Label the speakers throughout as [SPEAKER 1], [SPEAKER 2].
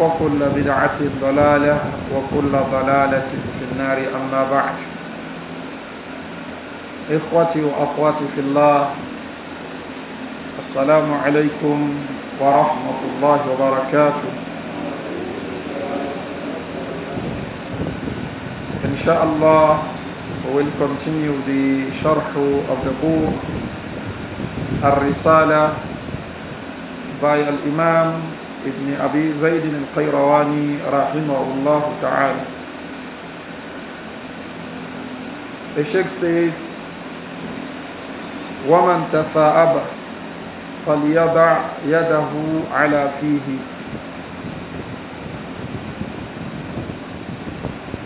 [SPEAKER 1] وكل بدعة ضلالة وكل ضلالة في النار أما بعد إخوتي وأخواتي في الله السلام عليكم ورحمة الله وبركاته إن شاء الله we will continue the sharh of the book الرسالة by Al-Imam ابن أبي زيد القيرواني رحمه الله تعالى الشيخ سيد ومن تثاءب فليضع يده على فيه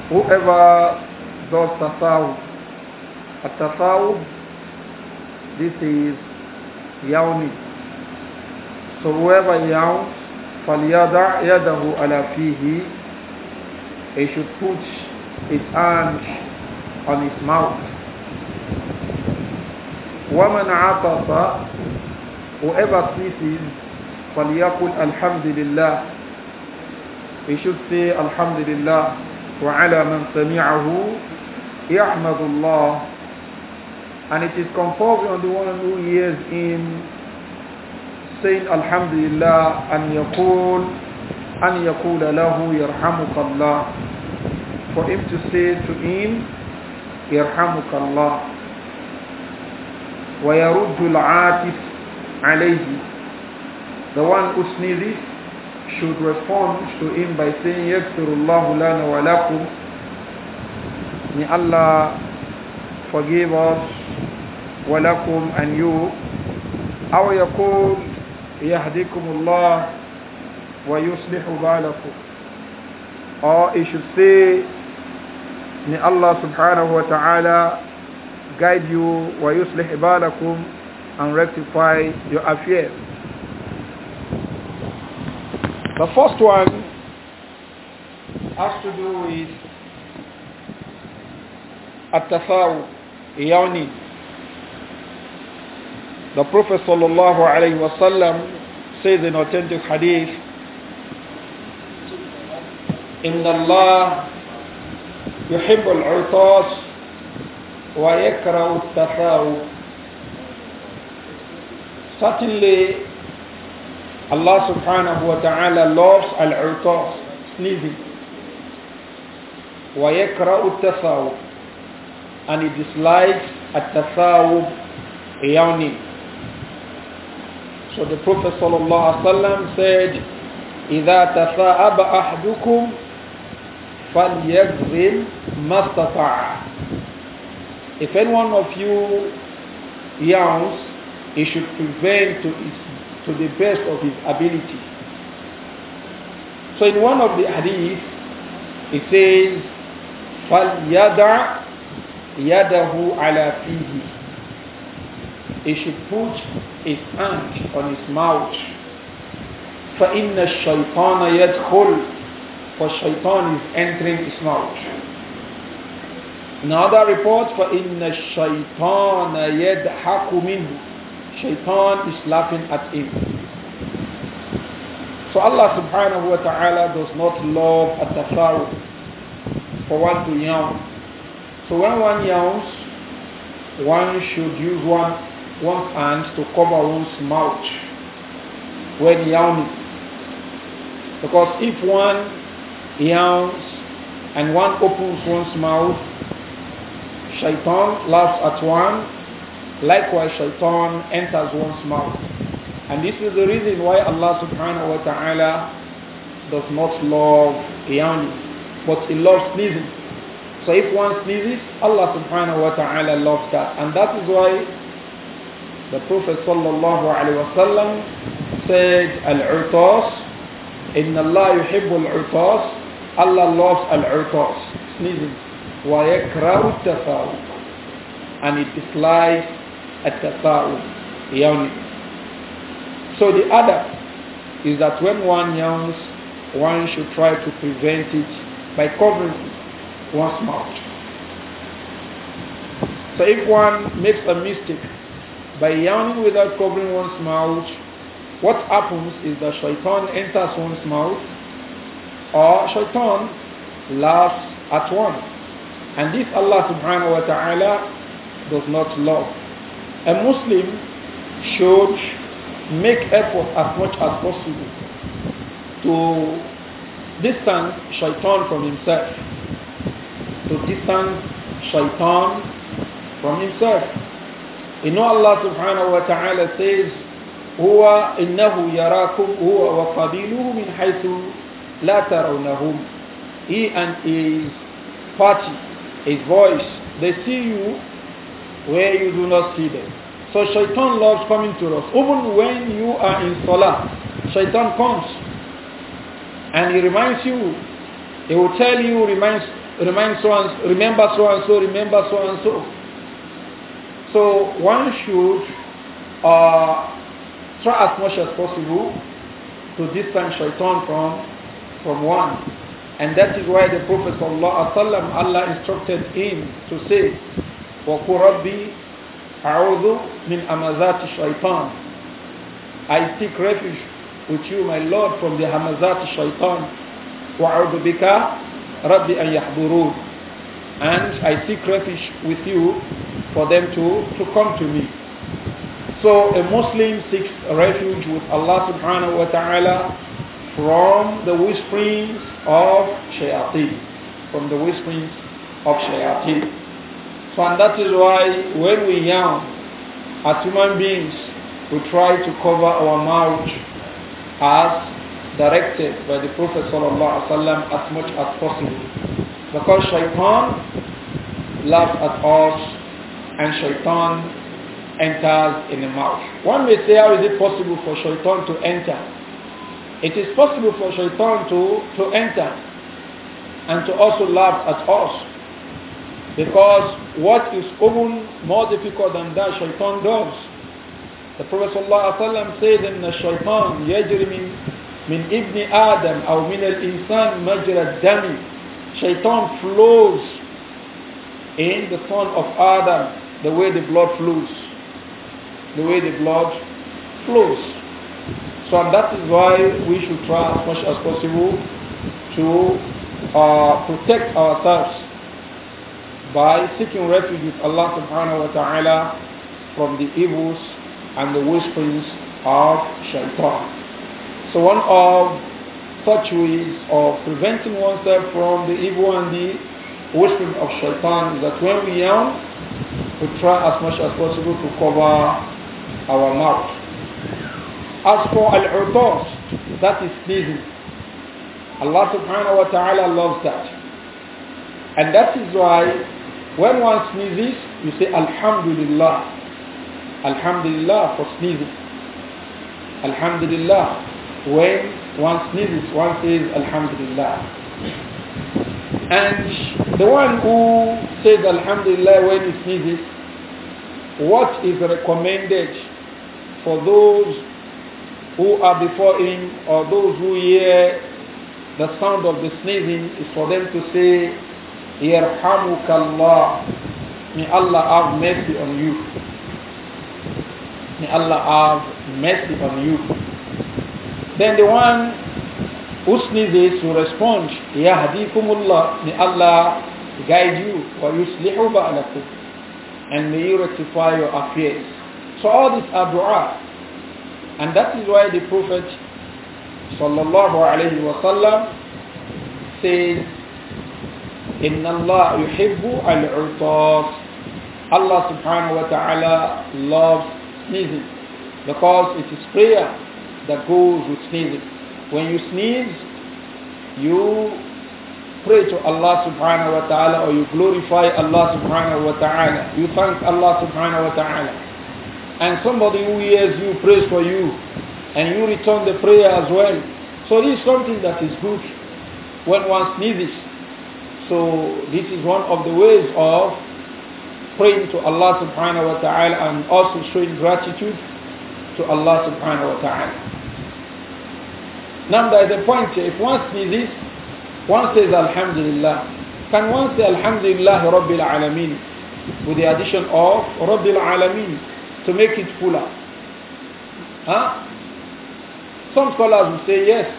[SPEAKER 1] Whoever does tasawwuf التثاوب this is يومي so whoever yawns فَلْيَضَعْ يَدَهُ عَلَى فِيهِ He should put his hand on his mouth. وَمَنْ عَطَفَ Whoever sneezes, فَلْيَقُلْ الْحَمْدِ لِلَّهِ He should say الحمد لله وعلى من سمعه يحمد الله and it is compulsory on the one who hears him saying Alhamdulillah أن يقول أن يقول له يرحمك الله for him to say to him يرحمك الله ويرد العاتف عليه the one who sneezes should respond to him by saying يغفر الله لنا ولكم may Allah forgive us ولكم and you أو يقول يهديكم الله ويصلح بالكم or it should say may Allah subhanahu wa ta'ala guide you ويصلح بالكم and rectify your affairs the first one has to do with التفاوض i.e. The Prophet sallallahu says in authentic hadith, إن الله يحب العطاس ويكره التثاؤب Certainly, Allah subhanahu wa ta'ala loves al-utas, sneezing. التَّثَاوُبْ And he dislikes at yawning. So the Prophet ﷺ said, إِذَا تَثَاءَبَ أَحْدُكُمْ فَلْيَغْزِلْ مَسْتَطَعَ If any one of you yawns, he should prevent to, his, to the best of his ability. So in one of the hadith, it says, فَلْيَدَعْ يَدَهُ عَلَى فِيهِ he should put his hand on his mouth. فَإِنَّ الشَّيْطَانَ يَدْخُلُ For shaitan is entering his mouth. Another report, فَإِنَّ الشَّيْطَانَ يَدْحَكُ مِنْهُ Shaitan is laughing at him. So Allah subhanahu wa ta'ala does not love at the flower for one to yawn. So when one yawns, one should use one one's hand to cover one's mouth when yawning. Because if one yawns and one opens one's mouth, shaitan laughs at one. Likewise, shaitan enters one's mouth. And this is the reason why Allah subhanahu wa ta'ala does not love yawning, but he loves sneezing. So if one sneezes, Allah subhanahu wa ta'ala loves that. And that is why the Prophet ﷺ said, Al-Utas, Inna Allah yuhibbul utas, Allah loves al-utas, sneezing. the التَّفَاؤُلُ And it dislikes التَّفَاؤُلُ Yawning. So the other is that when one yawns, one should try to prevent it by covering one's mouth. So if one makes a mistake by yawning without covering one's mouth, what happens is that shaitan enters one's mouth or shaitan laughs at one. And this Allah subhanahu wa ta'ala does not love. A Muslim should make effort as much as possible to distance shaitan from himself. To distance shaitan from himself. You know Allah subhanahu wa ta'ala says, هو إنه يراكم هو وقبيله من حيث لا ترونهم He and his party, his voice, they see you where you do not see them. So shaitan loves coming to us. Even when you are in salah, shaitan comes and he reminds you. He will tell you, reminds, reminds so and, remember so and so, remember so and so. So one should uh, try as much as possible to distance shaitan from from one. And that is why the Prophet ﷺ, Allah instructed him to say, وَقُ رَبِّي أَعُوذُ shaitan. I seek refuge with you, my Lord, from the hamazat shaitan. وَأَعُوذُ bika, Rabbi an يَحْضُرُونَ and I seek refuge with you for them to, to come to me. So a Muslim seeks refuge with Allah subhanahu wa ta'ala from the whisperings of shayateen. From the whisperings of shayateen. So and that is why when we young, as human beings, we try to cover our mouth as directed by the Prophet as much as possible. Because shaitan laughs at us and shaitan enters in the mouth. One may say, how is it possible for shaitan to enter? It is possible for shaitan to, to enter and to also laugh at us. Because what is even more difficult than that shaitan does. The Prophet ﷺ said in the shaitan, يجري من, من ابن آدم أو من الإنسان مجرى الدم Shaitan flows in the son of Adam the way the blood flows. The way the blood flows. So that is why we should try as much as possible to uh, protect ourselves by seeking refuge with Allah subhanahu wa ta'ala from the evils and the whisperings of shaitan. So one of such ways of preventing oneself from the evil and the whispering of shaitan is that when we yawn, we try as much as possible to cover our mouth. As for al-urdos, that is sneezing. Allah subhanahu wa ta'ala loves that. And that is why when one sneezes, you say Alhamdulillah. Alhamdulillah for sneezing. Alhamdulillah when one sneezes, one says Alhamdulillah. And the one who says Alhamdulillah when he sneezes, what is recommended for those who are before him or those who hear the sound of the sneezing is for them to say, Yarhamukallah, may Allah have mercy on you. May Allah have mercy on you. Then the one who sneezes will respond, Yahdikumullah, may Allah guide you, wa yuslihu ba'alakum, and may you rectify your affairs. So all these are dua. And that is why the Prophet sallallahu alayhi wa sallam says, إن Allah يحب العطاس, Allah subhanahu wa ta'ala loves sneezing because it is prayer that goes with sneezing. When you sneeze, you pray to Allah subhanahu wa ta'ala or you glorify Allah subhanahu wa ta'ala. You thank Allah subhanahu wa ta'ala. And somebody who hears you prays for you and you return the prayer as well. So this is something that is good when one sneezes. So this is one of the ways of praying to Allah subhanahu wa ta'ala and also showing gratitude to Allah subhanahu wa ta'ala. Now there is a point here. If one this, one says Alhamdulillah. Can one say Alhamdulillah Rabbil Alameen with the addition of Rabbil Alameen to make it fuller? Huh? Some scholars will say yes.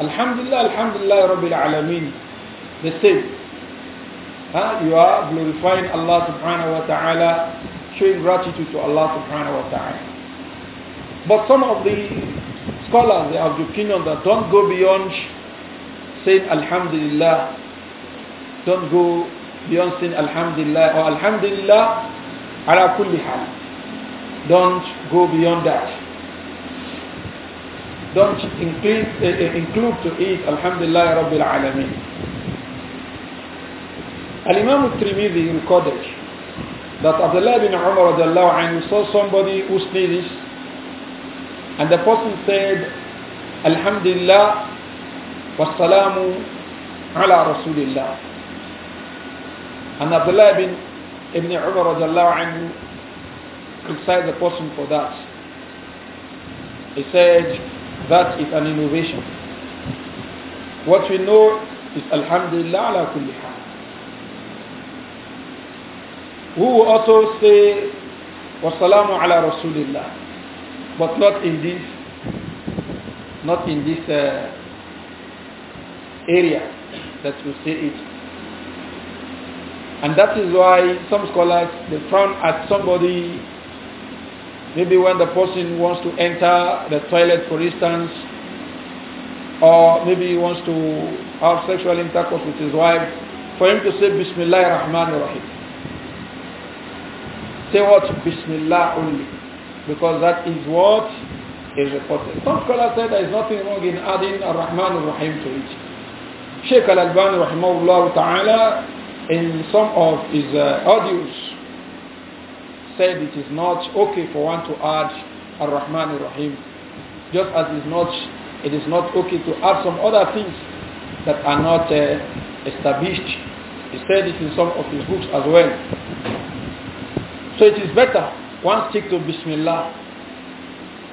[SPEAKER 1] Alhamdulillah, Alhamdulillah Rabbil Alameen. They say, huh? you are glorifying Allah subhanahu wa ta'ala, showing gratitude to Allah subhanahu wa ta'ala. But some of the Scholars they have the opinion that don't go beyond saying Alhamdulillah. Don't go beyond saying Alhamdulillah or Alhamdulillah ala kulli hal. Don't go beyond that. Don't include, uh, include to it Alhamdulillah Rabbil Alameen. Al-Imam al-Tirmidhi recorded that Abdullah bin Umar radiallahu anhu saw somebody who sneezed. And the person said, Alhamdulillah, wassalamu ala Rasulillah. And Abdullah bin Ibn Umar anhu criticized the person for that. He said, that is an innovation. What we know is Alhamdulillah ala kulli hal. Who also say, wassalamu ala Rasulillah but not in this, not in this uh, area that we see it. And that is why some scholars they frown at somebody. Maybe when the person wants to enter the toilet, for instance, or maybe he wants to have sexual intercourse with his wife, for him to say Bismillah Rahman Rahim. Say what? Bismillah only because that is what is reported. Some scholars said there is nothing wrong in adding Ar-Rahman Ar-Rahim to it. Sheikh Al-Albani rahimahullah ta'ala in some of his uh, audios said it is not okay for one to add Ar-Rahman Ar-Rahim just as it is not, it is not okay to add some other things that are not uh, established. He said it in some of his books as well. So it is better one stick to Bismillah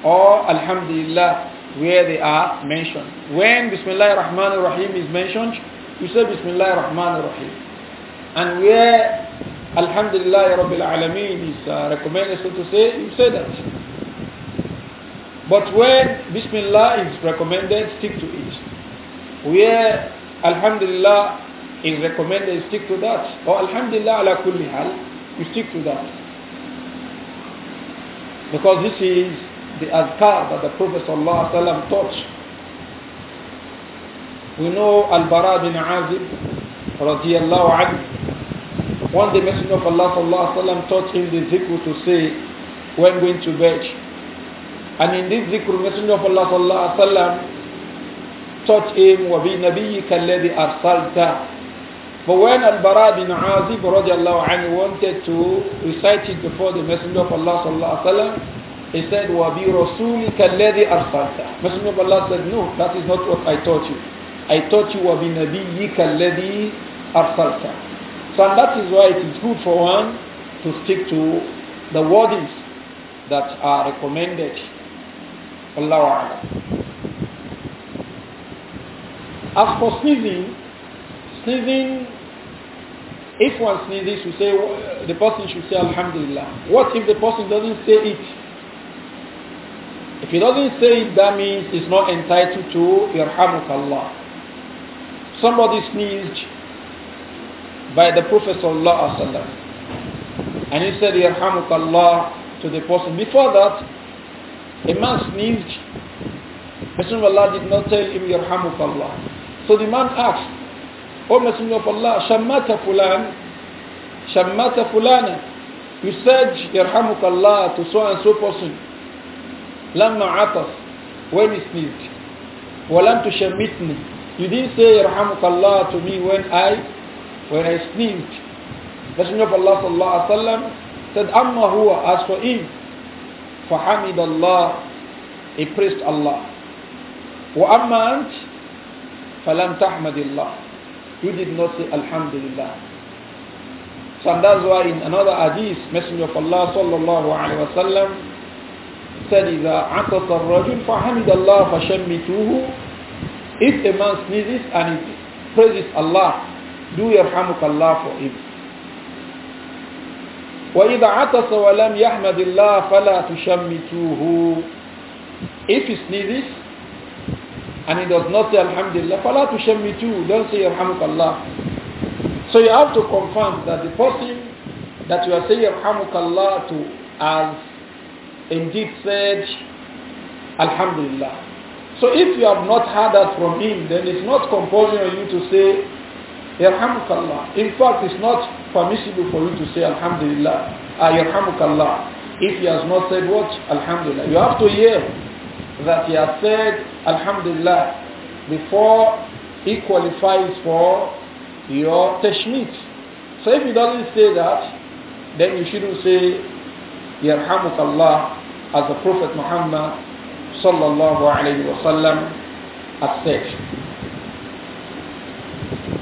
[SPEAKER 1] or Alhamdulillah where they are mentioned. When Bismillah ar-Rahman ar-Rahim is mentioned, you say Bismillah ar-Rahman ar-Rahim. And where Alhamdulillah Rabbil Alameen is uh, recommended so to say, you say that. But when Bismillah is recommended, stick to it. Where Alhamdulillah is recommended, stick to that. Or Alhamdulillah ala kulli hal, you stick to that. Because this is the azkar that the Prophet ﷺ taught. We know Al-Bara bin Azib radiallahu anhu. One day Messenger of Allah ﷺ taught him the zikr to say when going to bed. And in this zikr, Messenger of Allah ﷺ taught him, وَبِنَبِيِّكَ الَّذِي أَرْسَلْتَ but when Al-Bara bin Azib anhu, wanted to recite it before the Messenger of Allah sallallahu alaihi wasallam, he said, bi رَسُولِكَ الَّذِي أَرْسَلْتَ Messenger of Allah said, no, that is not what I taught you. I taught you وَبِنَبِيِّكَ الَّذِي أَرْسَلْتَ So that is why it is good for one to stick to the wordings that are recommended. Allah As for sneezing, sneezing, if one sneezes, we say, the person should say Alhamdulillah. What if the person doesn't say it? If he doesn't say it, that means he's not entitled to Yarhamukallah. Somebody sneezed by the Prophet Sallallahu And he said Yarhamukallah to the person. Before that, a man sneezed. Messenger of Allah did not tell him Yarhamukallah. So the man asked, ومسمي الله شمت فلان شمت فلانا You said, يرحمك الله to so and so person لما عطس when he sneezed ولم تشمتني You didn't say يرحمك الله to me when I when I sneezed Messenger of Allah صلى الله عليه وسلم said أما هو as for him فحمد الله he praised Allah وأما أنت فلم تحمد الله You did not say Alhamdulillah. So and that's why in another hadith, Messenger of Allah sallallahu alayhi wa sallam said, إِذَا الرَّجُلْ فَحَمِدَ اللَّهُ فَشَمِّتُوهُ If a man sneezes and he praises Allah, do يرحمك Allah for him. وإذا عطس ولم يحمد الله فلا تشمتوه. If he sneezes and he does not say Alhamdulillah, Fala too. don't say Alhamdulillah. So you have to confirm that the person that you are saying Alhamdulillah to has indeed said Alhamdulillah. So if you have not heard that from him, then it's not compulsory on you to say Alhamdulillah. In fact, it's not permissible for you to say Alhamdulillah, uh, Alhamdulillah. if he has not said what? Alhamdulillah. You have to hear that he has said Alhamdulillah before he qualifies for your tashmit. So if he doesn't say that, then you shouldn't say Yarhamuk Allah as the Prophet Muhammad sallallahu alayhi wasallam, has said.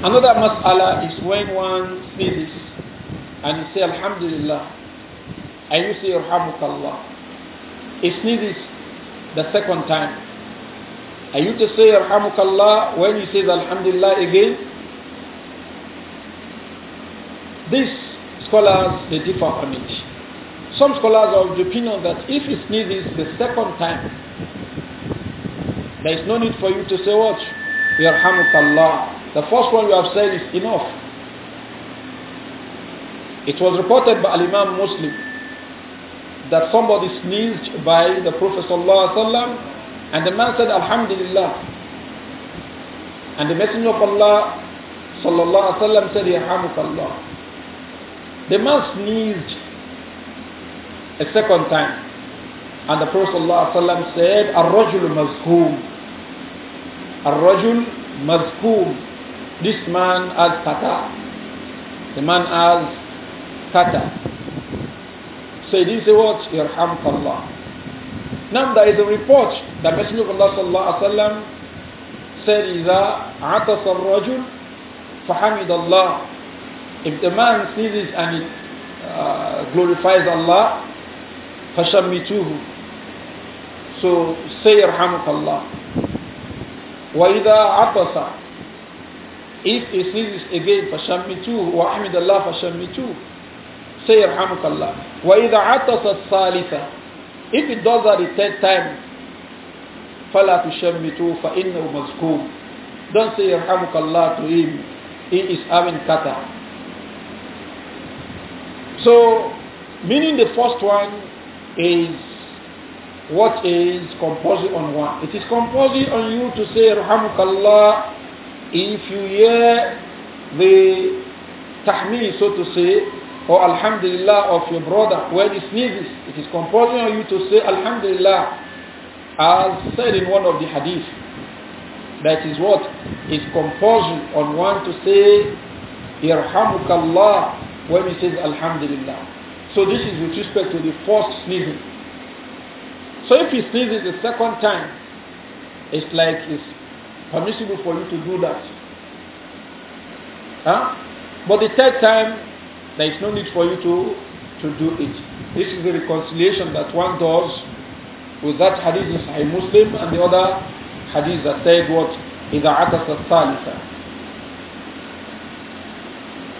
[SPEAKER 1] Another mas'ala is when one sees and you say Alhamdulillah and you say Yarhamuk Allah. He sneezes the second time. Are you to say Alhamdulillah when you say the Alhamdulillah again? These scholars, they differ on it. Some scholars are of the opinion that if it is needs the second time, there is no need for you to say what? Yarhamukallah. The first one you have said is enough. It was reported by Imam Muslim that somebody sneezed by the Prophet ﷺ and the man said Alhamdulillah and the Messenger of Allah ﷺ said Allah. the man sneezed a second time and the Prophet ﷺ said Ar-Rajul Mazkum Ar-Rajul Mazkum this man has kata the man has kata say didn't say what? Now there is a report that Messenger of Allah sallallahu alaihi wasallam said, "Iza atas al-rajul, fahamid Allah. If the man sneezes and it uh, glorifies Allah, fashamituhu. So say Yarhamkallah. Wa ida atasa. If he sneezes again, fashamituhu. Wa ahmid Allah, fashamituhu." Say, Yarhamukallah. وَإِذَا عَطَسَ الثَّالِثَ If it does that the third time, فَلَا تُشَمِّتُوا فَإِنَّهُ مَزْكُومٌ Don't say, Rahmatullah to him. He is having kata. So, meaning the first one is what is composed on one. It is composed on you to say Rahmatullah if you hear the tahmid, so to say, or oh, Alhamdulillah of your brother when he sneezes, it is compulsory on you to say Alhamdulillah as said in one of the hadith. That is what is compulsory on one to say Yarhamukallah when he says Alhamdulillah. So this is with respect to the first sneezing. So if he sneezes the second time, it's like it's permissible for you to do that. Huh? But the third time, there is no need for you to, to do it. This is the reconciliation that one does with that hadith in Sahih Muslim and the other hadith that said what? إِذَا عَكَسَ الثَّالِثَةِ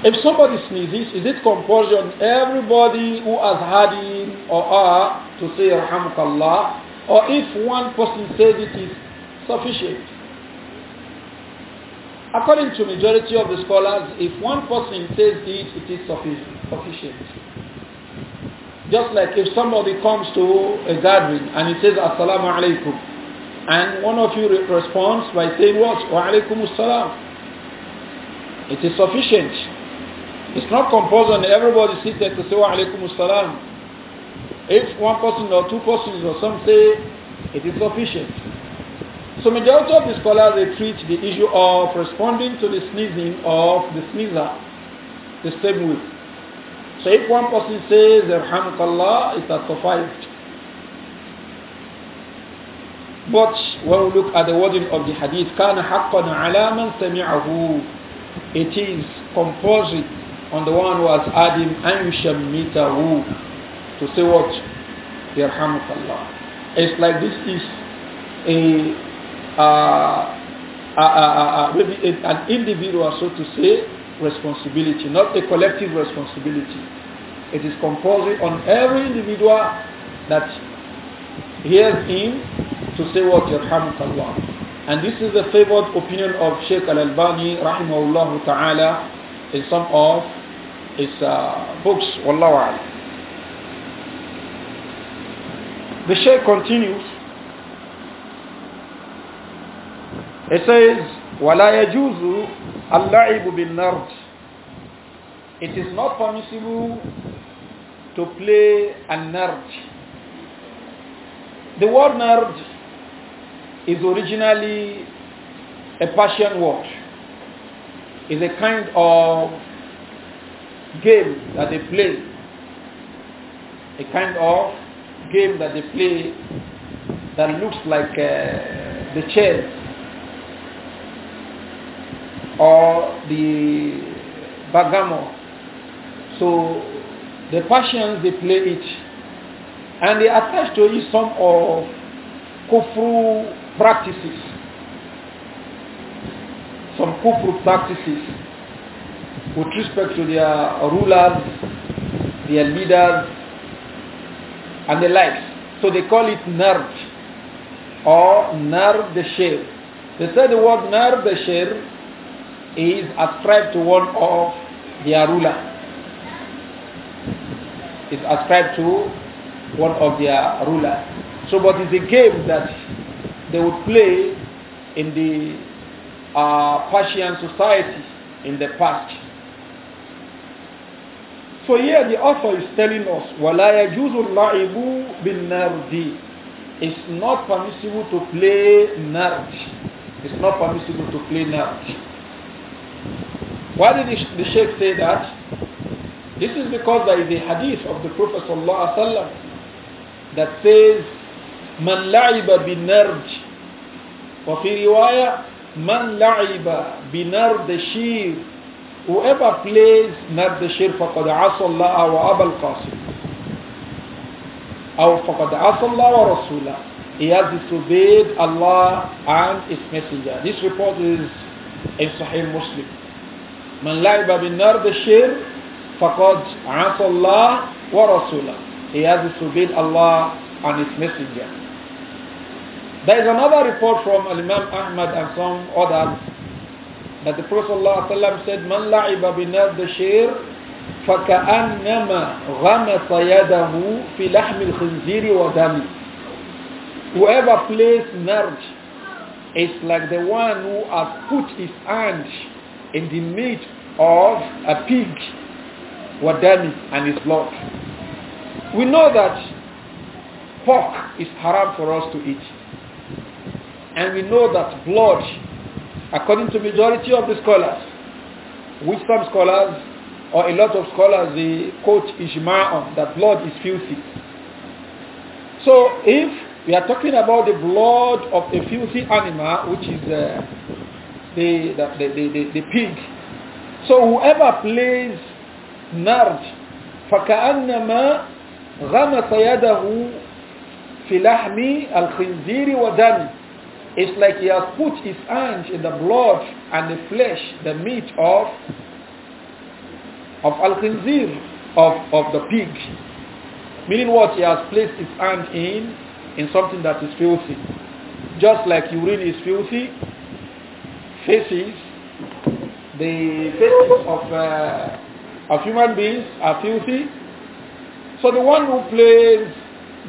[SPEAKER 1] if somebody sneezes, is it compulsory on everybody who has had it or are to say Rahmukallah? Or if one person says it is sufficient? According to majority of the scholars, if one person says it, it is sufficient. Just like if somebody comes to a gathering and he says Assalamu alaikum and one of you responds by saying what? Wa alaikum assalam. It is sufficient. It's not compulsory everybody seated to say Wa alaikum assalam. If one person or two persons or some say it is sufficient. So majority of the scholars they treat the issue of responding to the sneezing of the sneezer the same way. So if one person says Alhamdulillah, it has sufficed. But when we look at the wording of the hadith, كان حقا على من سمعه. It is compulsory on the one who has heard him أن يشمته to say what? يرحمك الله. It's like this is a uh, uh, uh, uh an individual, so to say, responsibility, not a collective responsibility. It is compulsory on every individual that hears him to say what Allah. And this is the favored opinion of Sheikh Al-Albani rahimahullah ta'ala in some of his uh, books. Wallahu The Sheikh continues It says, وَلَا يَجُوزُ اللَّعِبُ بِالنَّرْجِ It is not permissible to play a nerd. The word nerd is originally a Persian word. It's a kind of game that they play. A kind of game that they play that looks like uh, the chess or the bagamor. So the Persians they play it and they attach to it some of kufru practices. Some kufru practices with respect to their rulers, their leaders and the likes. So they call it nerj, or Nerd the share. They say the word Nerd the share is ascribed to one of their ruler. Is ascribed to one of their ruler. So, but it's a game that they would play in the uh, Persian society in the past. So here the author is telling us, وَلَا يَجُوزُ اللَّعِبُ بِالنَّرْدِ It's not permissible to play nerd. It's not permissible to play nerd. Why did the Sheikh say that? This is because there is a hadith of the Prophet ﷺ that says, "Man la'iba لعب بالنرج وفي رواية من لعب بنرد الشير whoever plays نرد الشير فقد عصى الله وأبا القاسم أو فقد عصى الله ورسوله he has disobeyed Allah and his messenger this report is in Sahih Muslim من لعب بالنار بالشر فقد عصى الله ورسوله he has disobeyed Allah and his messenger there is another report from Imam Ahmad and some others that the Prophet ﷺ said من لعب بالنار بالشر فكأنما غمس يده في لحم الخنزير ودمه whoever plays nerd is like the one who has put his hand in the meat of a pig, wadami, and its blood. We know that pork is haram for us to eat. And we know that blood, according to majority of the scholars, which some scholars or a lot of scholars they quote Ijma on that blood is filthy. So if we are talking about the blood of a filthy animal, which is uh, the, the, the, the, the pig. So whoever plays nard, فكأنما غمس يده في لحم الخنزير ودم It's like he has put his hand in the blood and the flesh, the meat of of al-khinzir, of, of the pig. Meaning what? He has placed his hand in in something that is filthy. Just like urine is filthy, faces, the faces of, uh, of human beings are filthy. So the one who plays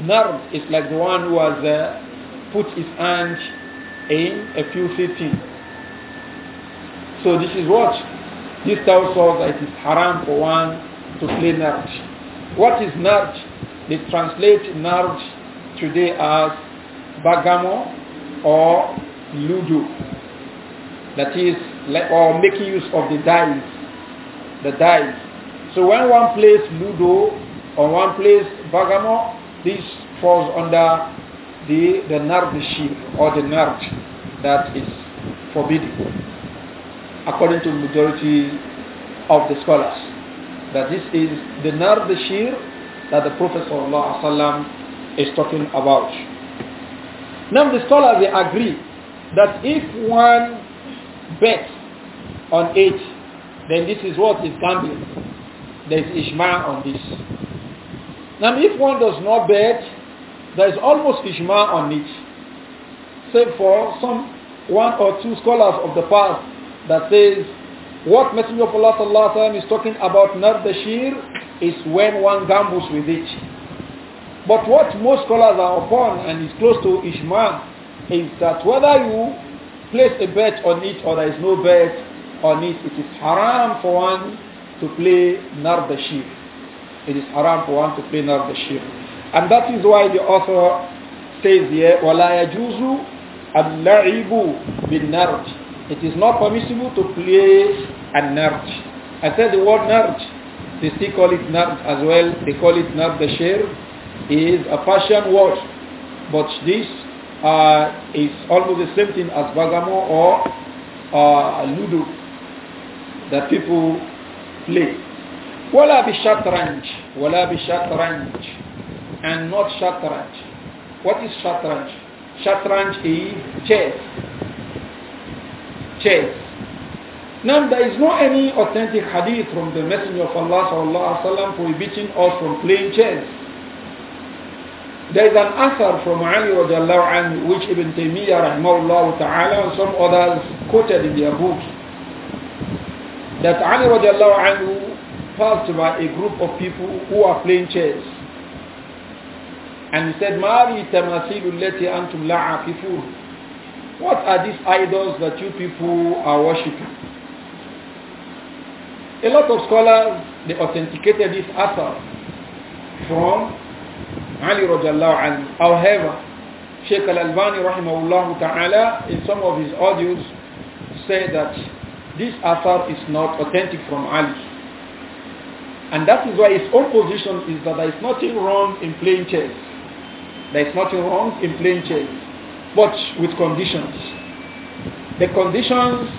[SPEAKER 1] nerve is like the one who has uh, put his hand in a filthy thing. So this is what? This tells us that it is haram for one to play nerve. What is nerve? They translate nerve today as bagamo or ludo. That is, or making use of the dice, the dice. So when one plays Ludo or one plays bagamor, this falls under the, the Nardship or the Nard that is forbidden, according to majority of the scholars. That this is the Nardshir that the Prophet ﷺ is talking about. Now the scholars they agree that if one bet on it, then this is what is gambling. There is Ishma on this. Now if one does not bet, there is almost Ishma on it. Save for some one or two scholars of the past that says what Messenger of Allah sallallahu is talking about not the is when one gambles with it. But what most scholars are upon and is close to Ishma is that whether you place a bet on it or there is no bet on it, it is haram for one to play Nardashir. It is haram for one to play Nardashir. And that is why the author says here, وَلَا يَجُوزُ اللَّعِبُ بِالنَّرْجِ It is not permissible to play a nard. I said the word nard. They still call it nard as well. They call it narj. The sheep. is a Persian word. But this uh, is almost the same thing as Bagamo or uh, Ludo that people play. Wala bi shatranj, wala bi shatranj, and not shatranj. What is shatranj? Shatranj is chess. Chess. Now there is no any authentic hadith from the Messenger of Allah sallallahu alaihi wasallam prohibiting us from playing chess. There is an asar from Ali radiallahu anhu which Ibn Taymiyyah rahimahullah ta'ala and some others quoted in their books, that Ali radiallahu anhu passed by a group of people who are playing chess and he said Mari tamasilu leti antum la'afifun what are these idols that you people are worshipping? A lot of scholars, they authenticated this asar from Ali radiallahu anhu. However, Sheikh Al-Albani rahimahullah ta'ala in some of his audios said that this asar is not authentic from Ali. And that is why his own position is that there is nothing wrong in playing chess. There is nothing wrong in playing chess, but with conditions. The conditions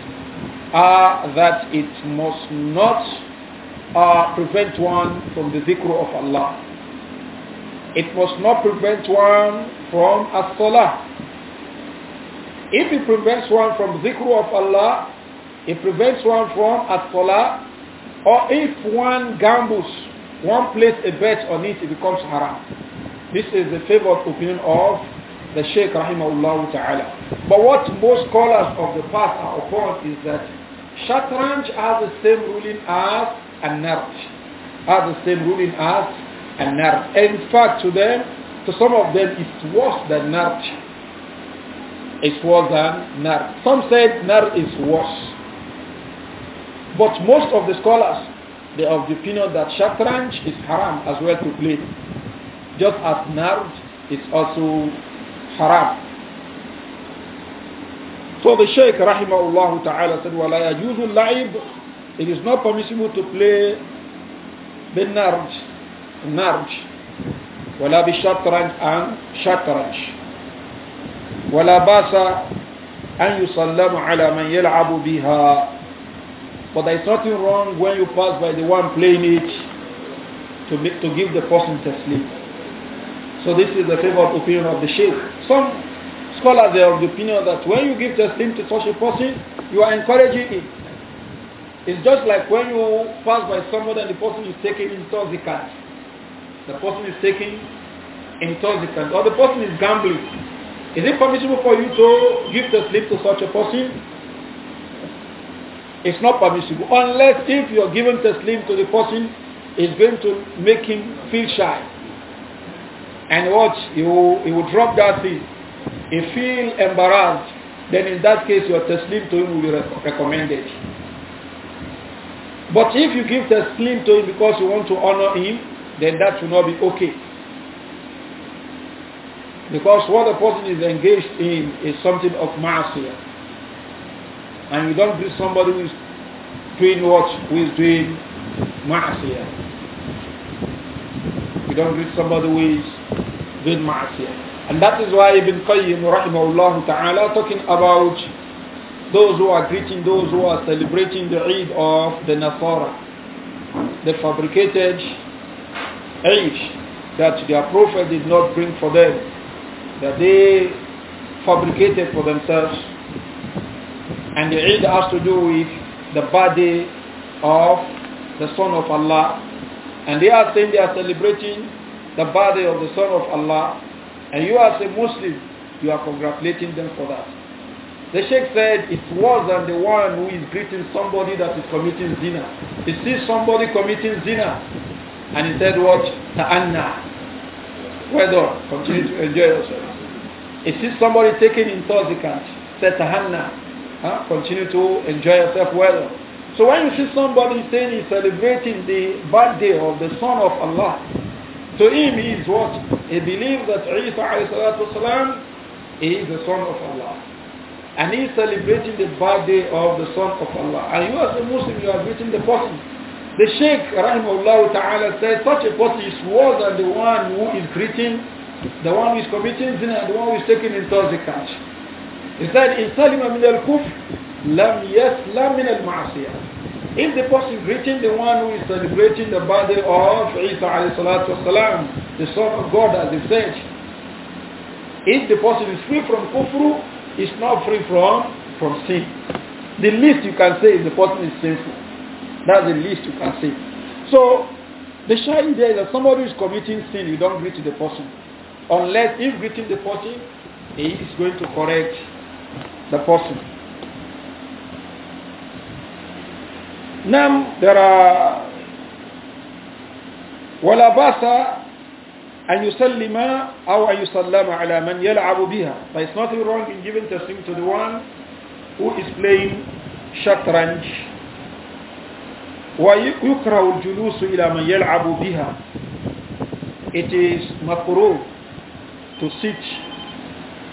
[SPEAKER 1] are that it must not uh, prevent one from the zikr of Allah it must not prevent one from a salah. If it prevents one from zikru of Allah, it prevents one from a salah, or if one gambles, one places a bet on it, it becomes haram. This is the favored opinion of the Shaykh rahimahullah ta'ala. But what most scholars of the past are upon is that Shatranj has the same ruling as a narj, has the same ruling as and nard, in fact, to them, to some of them, it's worse than nard. It's worse than nard. Some said nard is worse. But most of the scholars, they are of the opinion that shatranj is haram as well to play. Just as nard, is also haram. So the Shaykh rahimahullah ta'ala said, وَلَا يَجُوزُ اللَّعِبُ It is not permissible to play the nard marj ولا بالشطرنج and شطرنج ولا باس أن يسلم على من يلعب بها but there is nothing wrong when you pass by the one playing it to, to give the person taslim so this is the favorite opinion of the sheikh some scholars are of the opinion that when you give taslim to such a person you are encouraging it it's just like when you pass by someone and the person is taking car the person is taking intoxicant, or the person is gambling, is it permissible for you to give the slip to such a person? It's not permissible, unless if you're giving the slip to the person, it's going to make him feel shy. And watch, you will drop that thing. He feel embarrassed, then in that case your taslim to him will be recommended. But if you give taslim to him because you want to honor him, then that will not be okay. Because what a person is engaged in is something of marcia. And you don't greet somebody who is doing what? Who is doing marcia. You don't greet somebody who is doing marcia. And that is why Ibn Qayyim rahimahullah ta'ala talking about those who are greeting those who are celebrating the Eid of the Nasara. They fabricated Age that their prophet did not bring for them, that they fabricated for themselves. And the Eid has to do with the birthday of the Son of Allah. And they are saying they are celebrating the birthday of the Son of Allah. And you as a Muslim, you are congratulating them for that. The Sheikh said it's worse than the one who is greeting somebody that is committing zina. He sees somebody committing zina and he said what? Ta'anna. Well done. Continue to enjoy yourself. He sees somebody taking intoxicant. Said Ta'anna. Huh? Continue to enjoy yourself well done. So when you see somebody saying he's celebrating the birthday of the Son of Allah, to him he is what? He believes that Isa والسلام, is the Son of Allah. And he's celebrating the birthday of the Son of Allah. And you as a Muslim, you are greeting the person. The Sheikh Rahimullah Ta'ala said such a person is worse than the one who is greeting, the one who is committing zina and the one who is taking intoxicants. He said, إِنْ al مِنَ الْكُفْرِ لَمْ min al الْمَعْصِيَةِ If the person greeting the one who is celebrating the birthday of Isa alayhi salatu wasalam, the son of God as they said, if the person is free from kufru, is not free from, from sin. The least you can say is the person is sinful. That's the least you can say. So the shine there is that somebody is committing sin, you don't greet the person. Unless if greeting the person, he is going to correct the person. Now there are ولا باس أن يسلم أو أن يسلم على من يلعب بها There is nothing wrong in giving taslim to the one who is playing shatranj ويكره الجلوس إلى من يلعب بها it is makruh to sit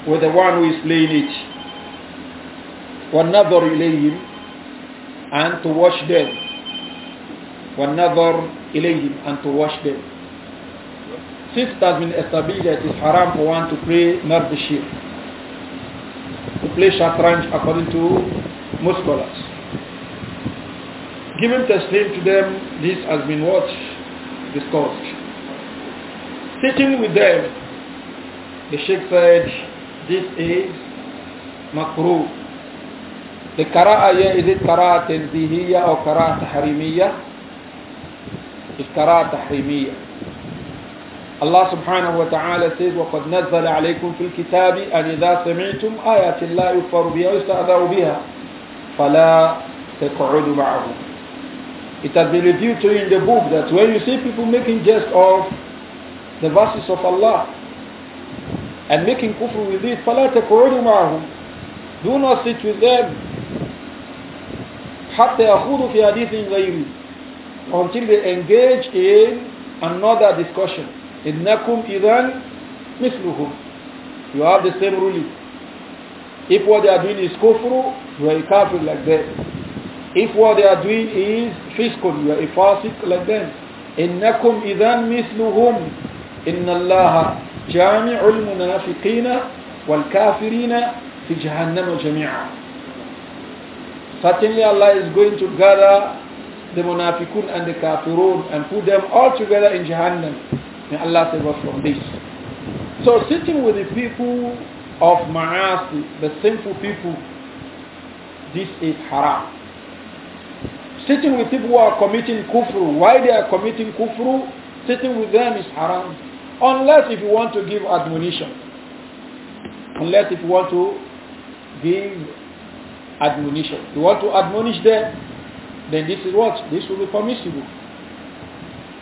[SPEAKER 1] with the one who is playing it والنظر إليهم and to watch them والنظر إليهم and to watch them since it has been established that it is haram for one to play sheep, to play shatranj according to most scholars Giving testimony to them, this has been what? Discussed. Sitting with them, the Sheikh said, this is makruh. The kara'a here, is it kara'a tanzihiyya or kara'a tahrimiyya? It's kara'a tahrimiyya. الله سبحانه وتعالى says وقد نزل عليكم في الكتاب أن إذا سمعتم آيات الله يكفر بها ويستأذوا بها فلا تقعدوا معهم It has been revealed to you in the book that when you see people making jest of the verses of Allah and making kufr with it, فَلَا تَقْعُدُ مَعَهُمْ Do not sit with them حَتَّى يَخُوضُ فِي حَدِيثٍ غَيْرِ Until they engage in another discussion. إِنَّكُمْ إِذَنْ مِثْلُهُمْ You have the same ruling. If what they are doing is kufr, you are a kafir like that. If what they are doing is fiskun, you are a fasiq like them. إنكم إذا مثلهم إن الله جامع المنافقين والكافرين في جهنم جميعا Certainly Allah is going to gather the munafiqun and the kafirun and put them all together in Jahannam. May Allah save us from this. So sitting with the people of Ma'asi, the sinful people, this is haram. Sitting with people who are committing kufru, why they are committing kufru, sitting with them is haram. Unless if you want to give admonition. Unless if you want to give admonition. If you want to admonish them, then this is what? This will be permissible.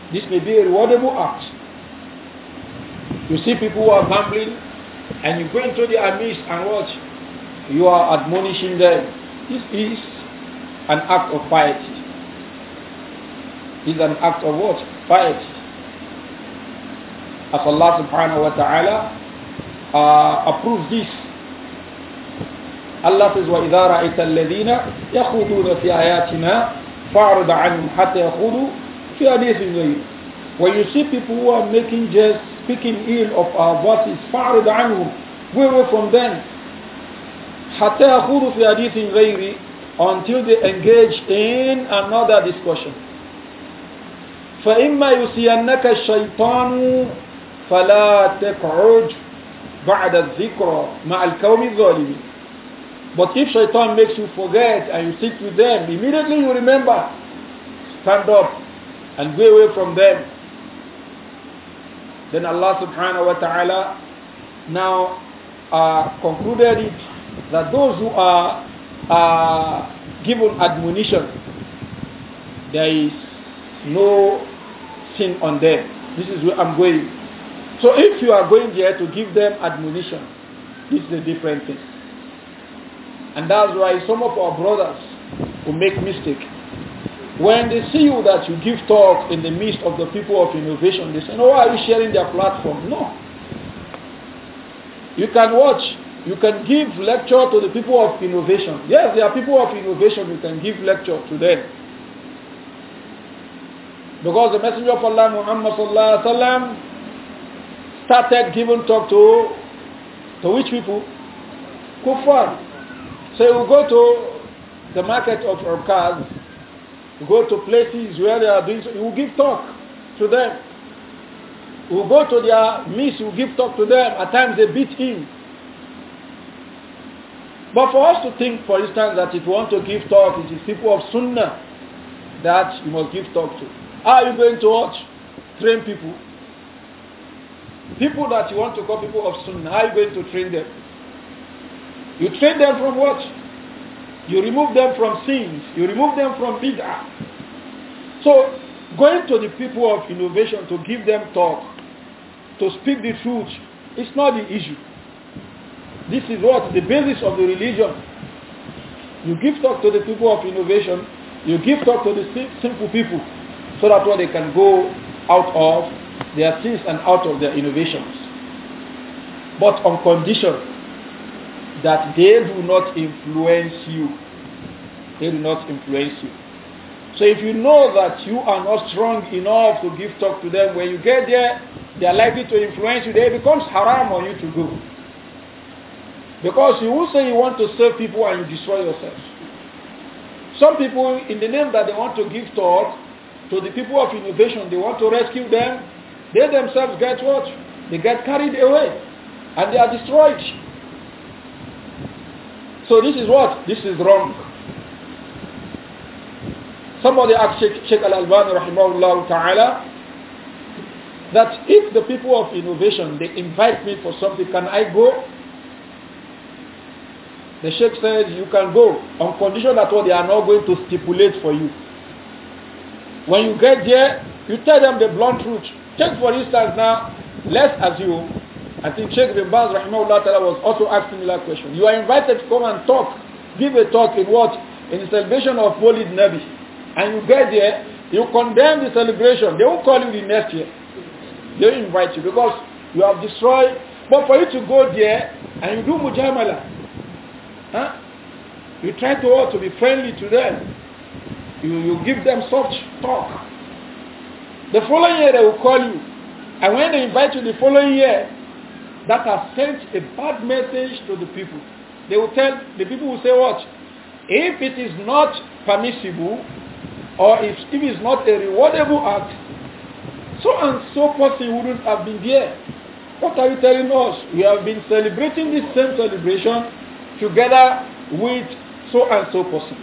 [SPEAKER 1] This may be a rewardable act. You see people who are gambling and you go into the midst and watch. You are admonishing them. This is an act of piety is an act of what? Piety. As Allah subhanahu wa ta'ala uh, approves this. Allah says, وَإِذَا رَأَيْتَ الَّذِينَ يَخُوضُونَ فِي آيَاتِنَا فَأَعْرِضْ عَنْهُمْ حَتَّى يَخُوضُوا فِي حَدِيثٍ غَيْرِهِ When you see people who are making jest, speaking ill of our verses, فَأَعْرِضْ عَنْهُمْ Go away from them. حَتَّى يَخُوضُوا فِي حَدِيثٍ غَيْرِهِ Until they engage in another discussion. فإما يسينك الشيطان فلا تقعد بعد الذكر مع الظالمين But if shaitan makes you forget and you sit with them, immediately you remember, stand up and go away from them. Then Allah subhanahu wa ta'ala now uh, concluded it that those who are uh, given admonition, there is no sin on them. This is where I'm going. So if you are going there to give them admonition, this is a different thing. And that's why some of our brothers will make mistake. When they see you that you give talk in the midst of the people of innovation, they say, no, why are you sharing their platform? No. You can watch. You can give lecture to the people of innovation. Yes, there are people of innovation. You can give lecture to them. Because the Messenger of Allah Muhammad sallallahu alaihi wasallam started giving talk to to which people? Kuffar. So you go to the market of Urkaz, you go to places where they are doing, so you give talk to them. You go to their meets, you give talk to them. At times they beat him. But for us to think, for instance, that if you want to give talk, it is people of Sunnah that you must give talk to. How are you going to watch? Train people. People that you want to call people of Sunnah, how are you going to train them? You train them from what? You remove them from sins. You remove them from bid'ah. So, going to the people of innovation to give them talk, to speak the truth, it's not the issue. This is what? The basis of the religion. You give talk to the people of innovation. You give talk to the simple people so that what they can go out of their sins and out of their innovations. But on condition that they do not influence you. They do not influence you. So if you know that you are not strong enough to give talk to them, when you get there, they are likely to influence you. It becomes haram on you to go. Because you will say you want to serve people and you destroy yourself. Some people, in the name that they want to give talk, to the people of innovation. They want to rescue them. They themselves get what? They get carried away and they are destroyed. So this is what? This is wrong. Somebody asked Sheikh, Sheikh Al-Albani rahimahullah ta'ala that if the people of innovation, they invite me for something, can I go? The Sheikh said, you can go on condition that what they are not going to stipulate for you. When you get there, you tell them the blunt truth. Take for instance now, let's assume, I think Sheikh bin Baz rahimahullah ta'ala was also asked similar question. You are invited to come and talk, give a talk in what? In the celebration of Maulid Nabi. And you get there, you condemn the celebration. They won't call you the next year. They will invite you because you have destroyed. But for you to go there and you do mujamala, huh? you try to, to be friendly to them. You, you give them soft talk. The following year they will call you. And when they invite you the following year, that has sent a bad message to the people. They will tell, the people will say what? If it is not permissible, or if, if it is not a rewardable act, so and so person wouldn't have been there. What are you telling us? We have been celebrating this same celebration together with so and so person.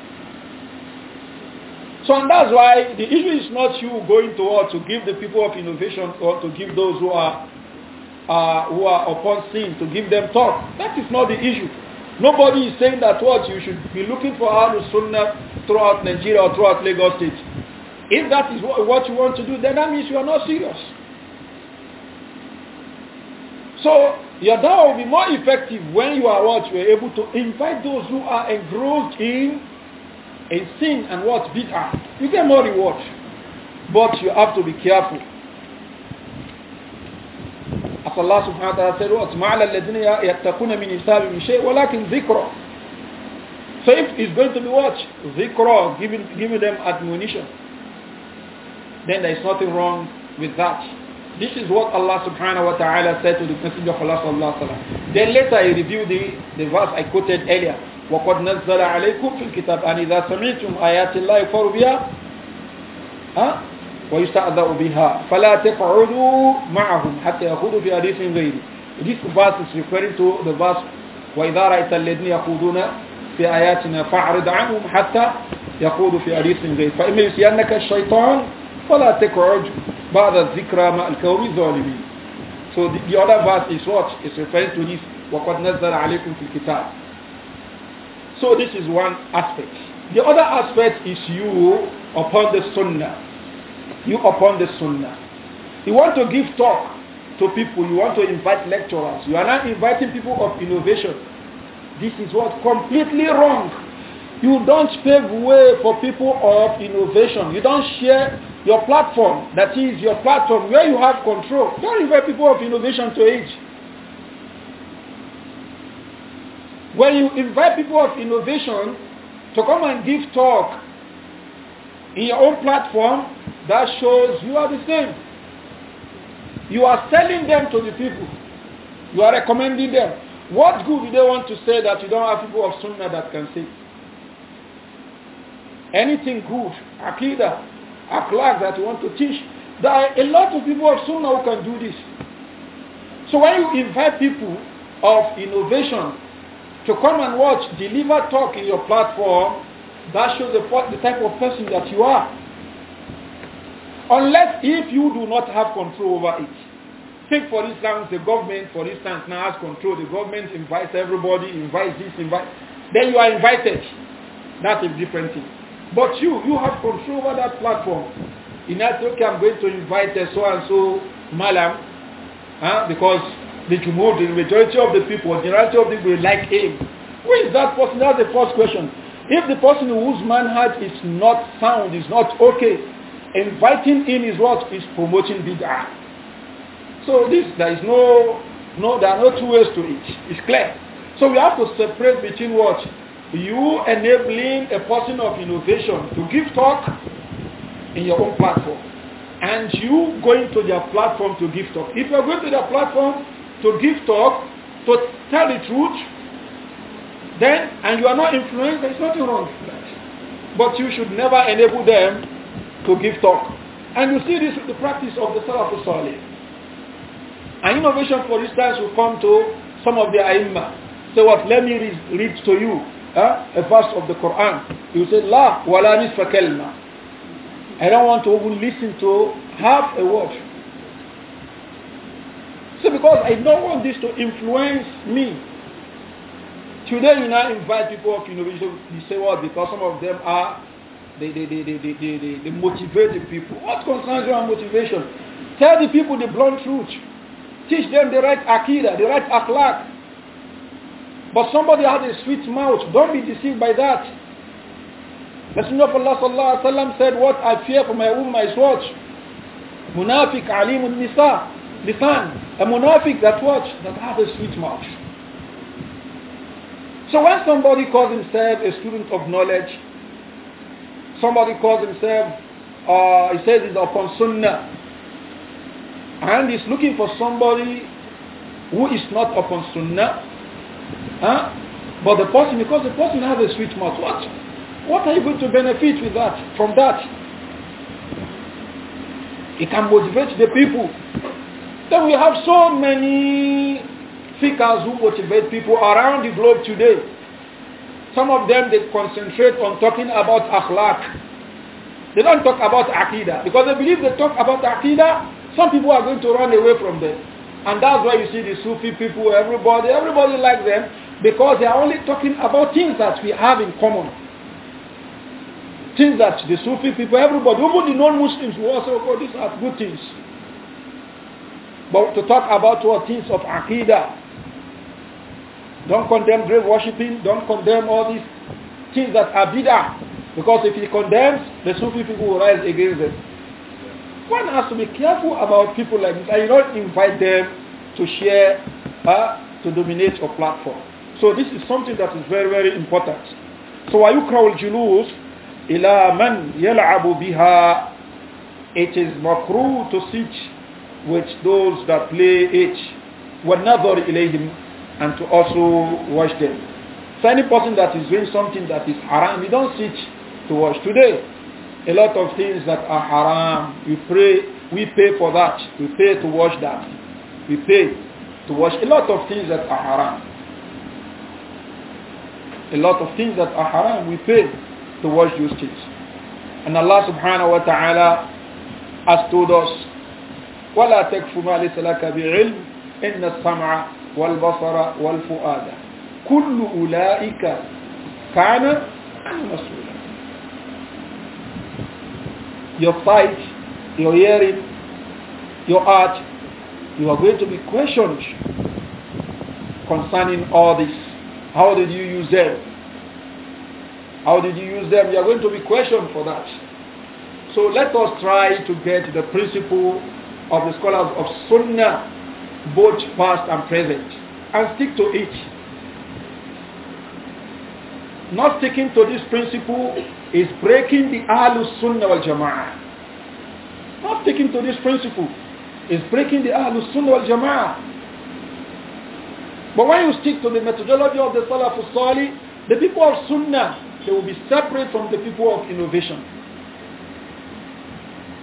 [SPEAKER 1] So and that's why the issue is not you going to to give the people of innovation or to give those who are uh, who are upon sin to give them talk. That is not the issue. Nobody is saying that what you should be looking for Ahlul Sunnah throughout Nigeria or throughout Lagos State. If that is what, what you want to do, then that means you are not serious. So your dawah will be more effective when you are what you are able to invite those who are engrossed in in sin and what? bitter You get more reward. But you have to be careful. As Allah subhanahu wa ta'ala said, what? مَعْلَى الَّذِينَ يَتَّقُونَ مِنْ إِسَابِ مِنْ شَيْءٍ وَلَكِنْ ذِكْرًا so if it's going to be what? Zikra, giving, giving them admonition. Then there is nothing wrong with that. This is what Allah subhanahu wa ta'ala said to the Messenger of Allah sallallahu alayhi wa Then later he reviewed the, the verse I quoted earlier. وقد نزل عليكم في الكتاب أن إذا سمعتم آيات الله يكفر بها ها بها فلا تقعدوا معهم حتى يخوضوا في حديث غيره This verse is referring to the verse وإذا رأيت الذين يخوضون في آياتنا فأعرض عنهم حتى يخوضوا في حديث غيره فإما يسينك الشيطان فلا تقعد بعد الذكرى مع الكوم الظالمين So the, the other verse is what? It's referring to this وقد نزل عليكم في الكتاب So this is one aspect. The other aspect is you upon the sunnah. You upon the sunnah. You want to give talk to people. You want to invite lecturers. You are not inviting people of innovation. This is what completely wrong. You don't pave way for people of innovation. You don't share your platform. That is your platform where you have control. Don't invite people of innovation to age. When you invite people of innovation to come and give talk in your own platform, that shows you are the same. You are selling them to the people. You are recommending them. What good do they want to say that you don't have people of Sunnah that can say? Anything good, Akidah, Akhlaq that you want to teach, there are a lot of people of Sunnah who can do this. So when you invite people of innovation to come and watch, deliver talk in your platform, that shows the, the type of person that you are. Unless if you do not have control over it. Take for instance the government, for instance, now has control. The government invites everybody, invites this, invite. Then you are invited. That's a different thing. But you, you have control over that platform. In that, okay, I'm going to invite so and so, madam, huh? because the Jumhur, the majority of the people, the majority of the people like him. Who is that person? That's the first question. If the person whose manhaj is not sound, is not okay, inviting him is what? Is promoting bid'ah. So this, there is no, no, there are no two ways to it. It's clear. So we have to separate between what? You enabling a person of innovation to give talk in your own platform and you going to their platform to give talk. If you are going to their platform to give talk, to tell the truth, then, and you are not influenced, there is nothing wrong with that. But you should never enable them to give talk. And you see this with the practice of the Salafus Salih. An innovation, for instance, will come to some of the Aimma. Say what? Let me read, read to you huh? a verse of the Quran. You say, La wala nisfa kalma. I don't want to even listen to half a word because I don't want this to influence me. Today you now invite people of innovation. You say what? Well, because some of them are they, they, they, they, they, they, they motivate the people. What concerns your motivation? Tell the people the blunt truth. Teach them the right akira, the right akhlaq. But somebody had a sweet mouth. Don't be deceived by that. Messenger of Allah sallallahu said, "What I fear for my ummah my what munafiq alim nisa lisan." A monophic that what? That has a sweet mouth. So when somebody calls himself a student of knowledge, somebody calls himself, uh, he says he's upon sunnah, and he's looking for somebody who is not upon sunnah, huh? but the person, because the person has a sweet mouth, what? What are you going to benefit with that, from that? It can motivate the people then we have so many figures who motivate people around the globe today. Some of them, they concentrate on talking about akhlaq. They don't talk about aqidah. Because they believe they talk about aqidah, some people are going to run away from them. And that's why you see the Sufi people, everybody, everybody likes them because they are only talking about things that we have in common. Things that the Sufi people, everybody, even the non-Muslims who also call oh, these are good things. But to talk about what things of Aqidah. Don't condemn grave worshipping. Don't condemn all these things that are bidah. Because if he condemns, the Sufi people will rise against them. One has to be careful about people like this. I don't invite them to share, uh, to dominate your platform. So this is something that is very, very important. So وَيُكْرَوْ الْجُلُوسِ ila man يَلْعَبُ biha, It is makruh to sit with those that play it وَالنَّظَرِ him, and to also watch them. So any person that is doing something that is haram, you don't sit to watch. Today, a lot of things that are haram, we pray, we pay for that, we pay to watch that, we pay to watch a lot of things that are haram. A lot of things that are haram, we pay to watch those things. And Allah subhanahu wa ta'ala has told us ولا تكف ما ليس لك بعلم إن السمع والبصر والفؤاد كل أولئك كان مسؤولا your sight, your hearing, your heart, you are going to be questioned concerning all this. How did you use them? How did you use them? You are going to be questioned for that. So let us try to get the principle of the scholars of Sunnah, both past and present, and stick to it. Not sticking to this principle is breaking the Ahlus Sunnah wal Jama'ah. Not sticking to this principle is breaking the Ahlus Sunnah wal Jama'ah. But when you stick to the methodology of the Salafus sali the people of Sunnah, they will be separate from the people of innovation.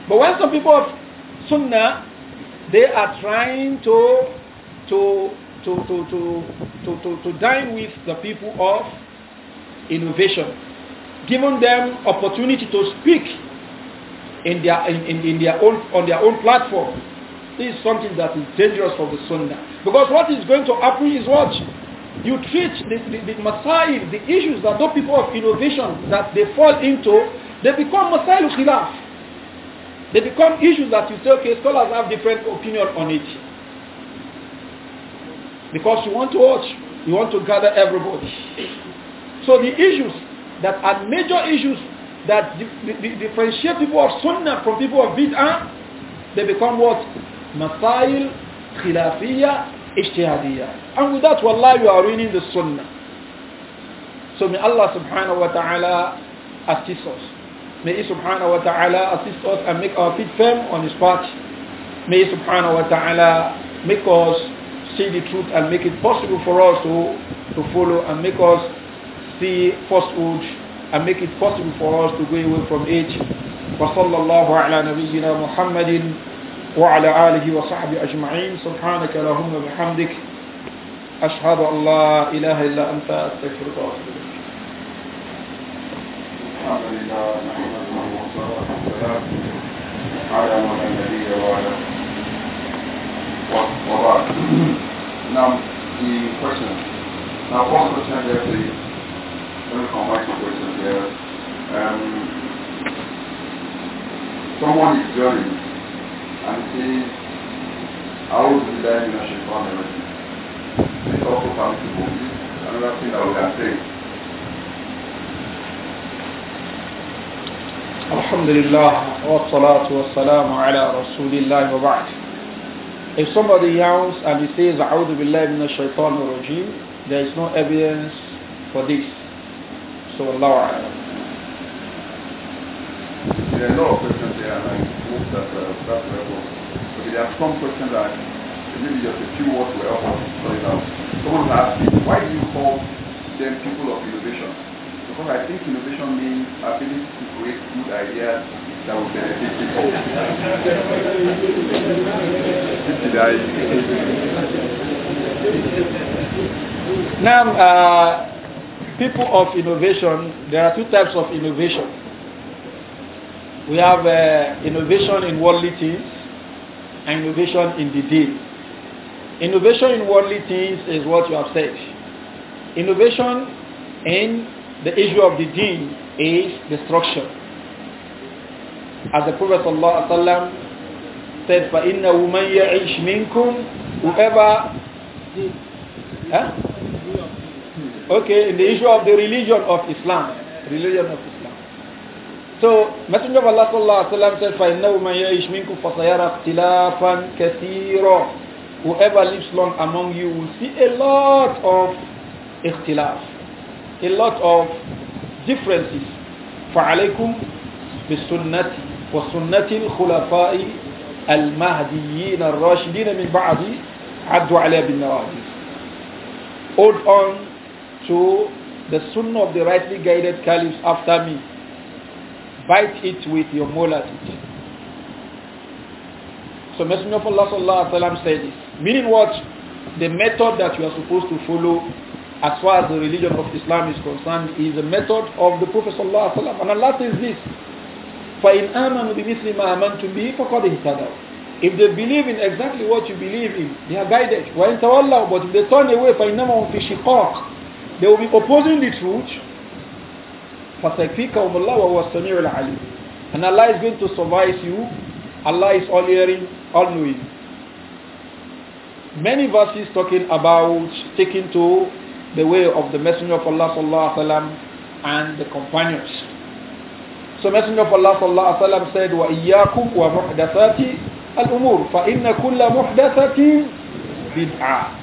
[SPEAKER 1] But when some people of Sunnah, they are trying to to to to to to, to, dine with the people of innovation, giving them opportunity to speak in their in, in, in their own on their own platform. This is something that is dangerous for the Sunnah. Because what is going to happen is what? You treat the, the, the Masai, the issues that those people of innovation that they fall into, they become Masail Khilaf. They become issues that you say, okay, scholars have different opinion on it. Because you want to watch, you want to gather everybody. So the issues that are major issues that differentiate people of Sunnah from people of Bid'ah, they become what? Masail, Khilafiyah, Ijtihadiyah. And with that, wallah, you are ruining the Sunnah. So may Allah subhanahu wa ta'ala assist us. May He subhanahu wa ta'ala assist us and make our feet firm on His path. May He subhanahu wa ta'ala make us see the truth and make it possible for us to, to follow and make us see falsehood and make it possible for us to go away from it. وصلى الله على نبينا محمد وعلى آله وصحبه أجمعين سبحانك اللهم وبحمدك أشهد أن لا إله إلا أنت أستغفرك وأتوب إليك
[SPEAKER 2] الحمد لله نحمده والصلاة والسلام على من النبي وعلى وبعد نعم the question now one question there please very complex question there um, someone is joining and says أعوذ بالله من الشيطان الرجيم this also permissible this is another thing that we are saying
[SPEAKER 1] الحمد لله والصلاة والسلام على رسول الله وبعد If somebody yawns and he says أعوذ بالله من الشيطان الرجيم there is no evidence for this so Allah
[SPEAKER 2] أعلم There are no questions there and I hope that uh, that's But Okay, there are some questions that maybe just a few words will help us to Someone asked me, why do you call them people of innovation? Because I think innovation means ability to create good ideas that will benefit people.
[SPEAKER 1] now, uh, people of innovation, there are two types of innovation. We have uh, innovation in worldly things and innovation in the deed. Innovation in worldly things is what you have said. Innovation in the issue of the deen is destruction. As the Prophet ﷺ said, فَإِنَّهُ مَنْ يَعِشْ مِنْكُمْ Whoever... Huh? Okay, in the issue of the religion of Islam. Religion of Islam. So, Messenger of Allah ﷺ said, فَإِنَّهُ مَنْ يَعِشْ مِنْكُمْ فَصَيَّرَ اخْتِلَافًا كَثِيرًا Whoever lives long among you will see a lot of اختلاف a lot of differences. فَعَلَيْكُمْ بِالسُنَّةِ وَسُنَّةِ الْخُلَفَاءِ الْمَهْدِيِّينَ الرَّاشِدِينَ مِنْ بَعْدِ عَدُّ عَلَيْهَا بِالنَّوَاجِزِ Hold on to the sunnah of the rightly guided caliphs after me. Bite it with your molar teeth. So Messenger of Allah sallallahu alaihi said this. Meaning what? The method that you are supposed to follow as far as the religion of Islam is concerned is a method of the Prophet sallallahu And Allah says this: فَإِنْ آمَنُوا بِمِثْلِ مَا آمَنْتُمْ بِهِ فَقَدْ اهْتَدَوْا If they believe in exactly what you believe in, they are guided. وَإِنْ تَوَلَّوْا But if they turn away, فَإِنَّمَا هُمْ فِي شِقَاقٍ They will be opposing the truth. فَسَيْكْفِيكَهُمُ اللَّهُ وَهُوَ السَّمِيعُ الْعَلِيمُ And Allah is going to suffice you. Allah is all-hearing, all-knowing. Many verses talking about taking to the way of the Messenger of Allah sallallahu alaihi wasallam and the companions. So Messenger of Allah sallallahu alaihi wasallam said, وَإِيَّاكُمْ وَمُحْدَثَاتِ الْأُمُورِ فَإِنَّ كُلَّ مُحْدَثَةٍ بِدْعَةٍ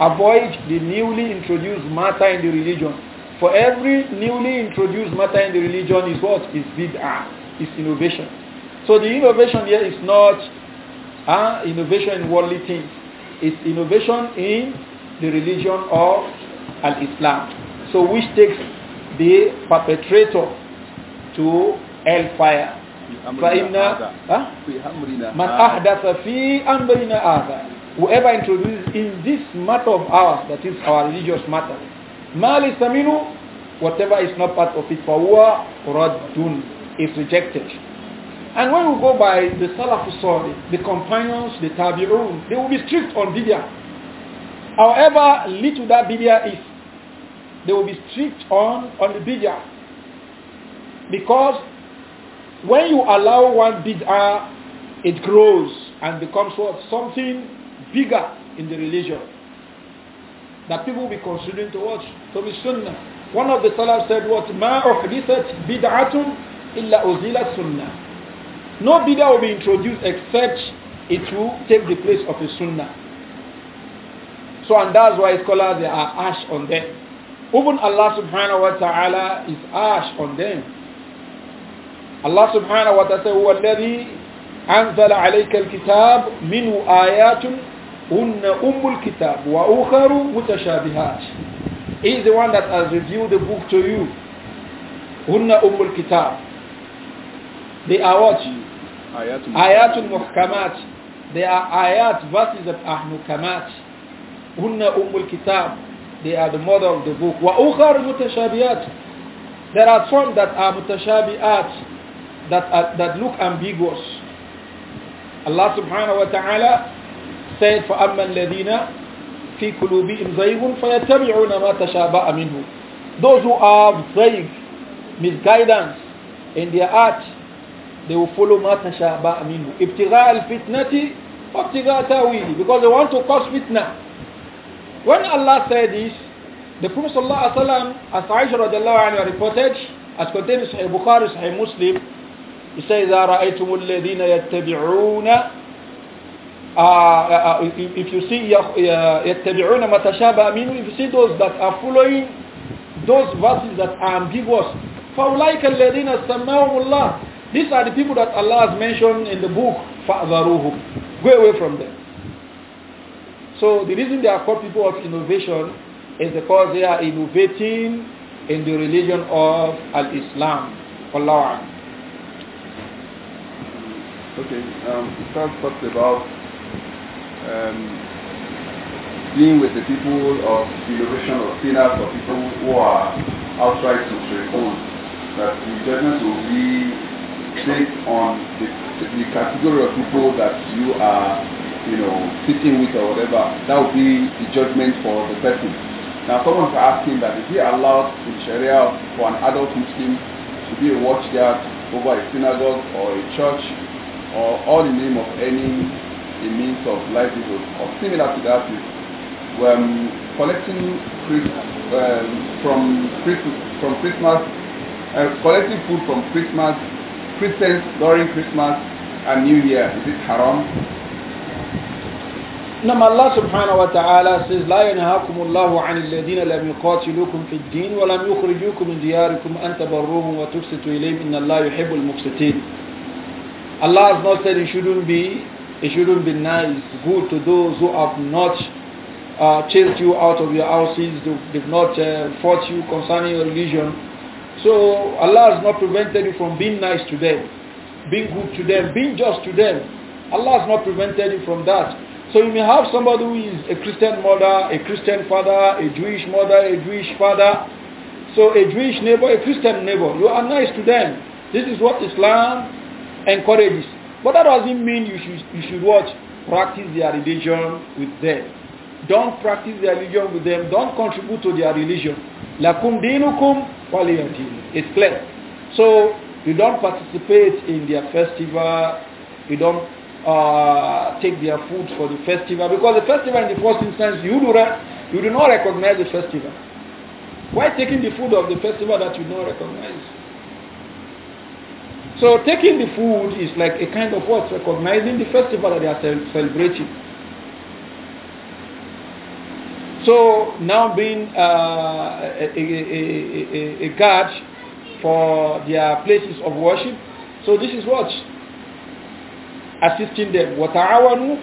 [SPEAKER 1] Avoid the newly introduced matter in the religion. For every newly introduced matter in the religion is what? Is bid'ah, is innovation. So the innovation here is not uh, innovation in worldly things. It's innovation in the religion of al-Islam. So which takes the perpetrator to hellfire. فإن من أحدث في أمرنا whoever introduces in this matter of ours that is our religious matter ما ليس whatever is not part of it فهو رد is rejected and when we go by the Salafus Salih, the companions, the Tabi'un, they will be strict on bidya. However little that bidya is, they will be strict on, on the bid'ah. Because when you allow one bid'ah, it grows and becomes what? Something bigger in the religion. That people will be considering to watch, to sunnah. One of the salaf said what? مَا أُحْدِثَتْ bidatun illa أُزِيلَ sunnah. No bid'ah will be introduced except it will take the place of a sunnah. So and that's why scholars they are ash on them even Allah subhanahu wa ta'ala is ash on them. Allah subhanahu wa ta'ala هو الذي أنزل عليك الكتاب منه آيات هن أم الكتاب وأخر متشابهات He is the one that has revealed the book to you. هن أم الكتاب They are what? آيات محكمات They are ayat verses of are هن أم الكتاب they are the mother of the book. وَأُخَرُ مُتَشَابِيَاتٍ There are some that are mutashabihat, that, are, that look ambiguous. Allah subhanahu wa ta'ala said, فَأَمَّا الَّذِينَ فِي قُلُوبِهِمْ زَيْغٌ فَيَتَّبِعُونَ مَا تَشَابَأَ مِنْهُ Those who have زَيْغ, misguidance in their heart, they will follow مَا تَشَابَأَ مِنْهُ ابْتِغَاءَ الْفِتْنَةِ وَابْتِغَاءَ تَأْوِيلِ Because they want to cause fitna. When Allah said this, the Prophet sallallahu alaihi wasallam, as Aisha radiallahu anha reported, as contained in Sahih Bukhari, Sahih Muslim, he says, إذا رأيتم الذين يتبعون if you see يتبعون ما تشابه منه, if you see those that are following those verses that are ambiguous, فَأُولَٰئِكَ الَّذِينَ سَمَّاهُمُ اللَّهُ These are the people that Allah has mentioned in the book, فَأْذَرُوهُمْ Go away from them. So the reason they are called people of innovation is because they are innovating in the religion of
[SPEAKER 2] Al-Islam. Allah. Okay, um, Ustaz talked about um, being with the people of innovation or sinners or people who are outside to reform. That the judgment will be based on the, the category of people that you are you know, sitting with or whatever, that would be the judgment for the person. Now someone's asking that is it allowed in Sharia for an adult Muslim to be a watchguard over a synagogue or a church or all in the name of any a means of livelihood or similar to that is When um, collecting um, from Christmas, from Christmas uh, collecting food from Christmas Christians during Christmas and New Year is it haram now Allah subhanahu wa says, لا
[SPEAKER 1] ينهاكم الله عن الذين لم يقاتلوكم في الدين ولم يخرجوكم من دياركم أن تبروهم وتفسدوا إليهم إن الله يحب المفسدين. Allah has not said it shouldn't be, it shouldn't be nice, good to those who have not uh, chased you out of your houses, they've not uh, fought you concerning your religion. So Allah has not prevented you from being nice to them, being good to them, being just to them. Allah has not prevented you from that. So you may have somebody who is a Christian mother, a Christian father, a Jewish mother, a Jewish father. So a Jewish neighbor, a Christian neighbor. You are nice to them. This is what Islam encourages. But that doesn't mean you should, you should watch, Practice their religion with them. Don't practice their religion with them. Don't contribute to their religion. Lakum dinukum It's clear. So you don't participate in their festival. You don't uh, take their food for the festival because the festival in the first instance you do, you do not recognize the festival. Why taking the food of the festival that you don't recognize? So taking the food is like a kind of what? Recognizing the festival that they are celebrating. So now being uh, a, a, a, a, guard for their places of worship. So this is what assisting them وتعاونوا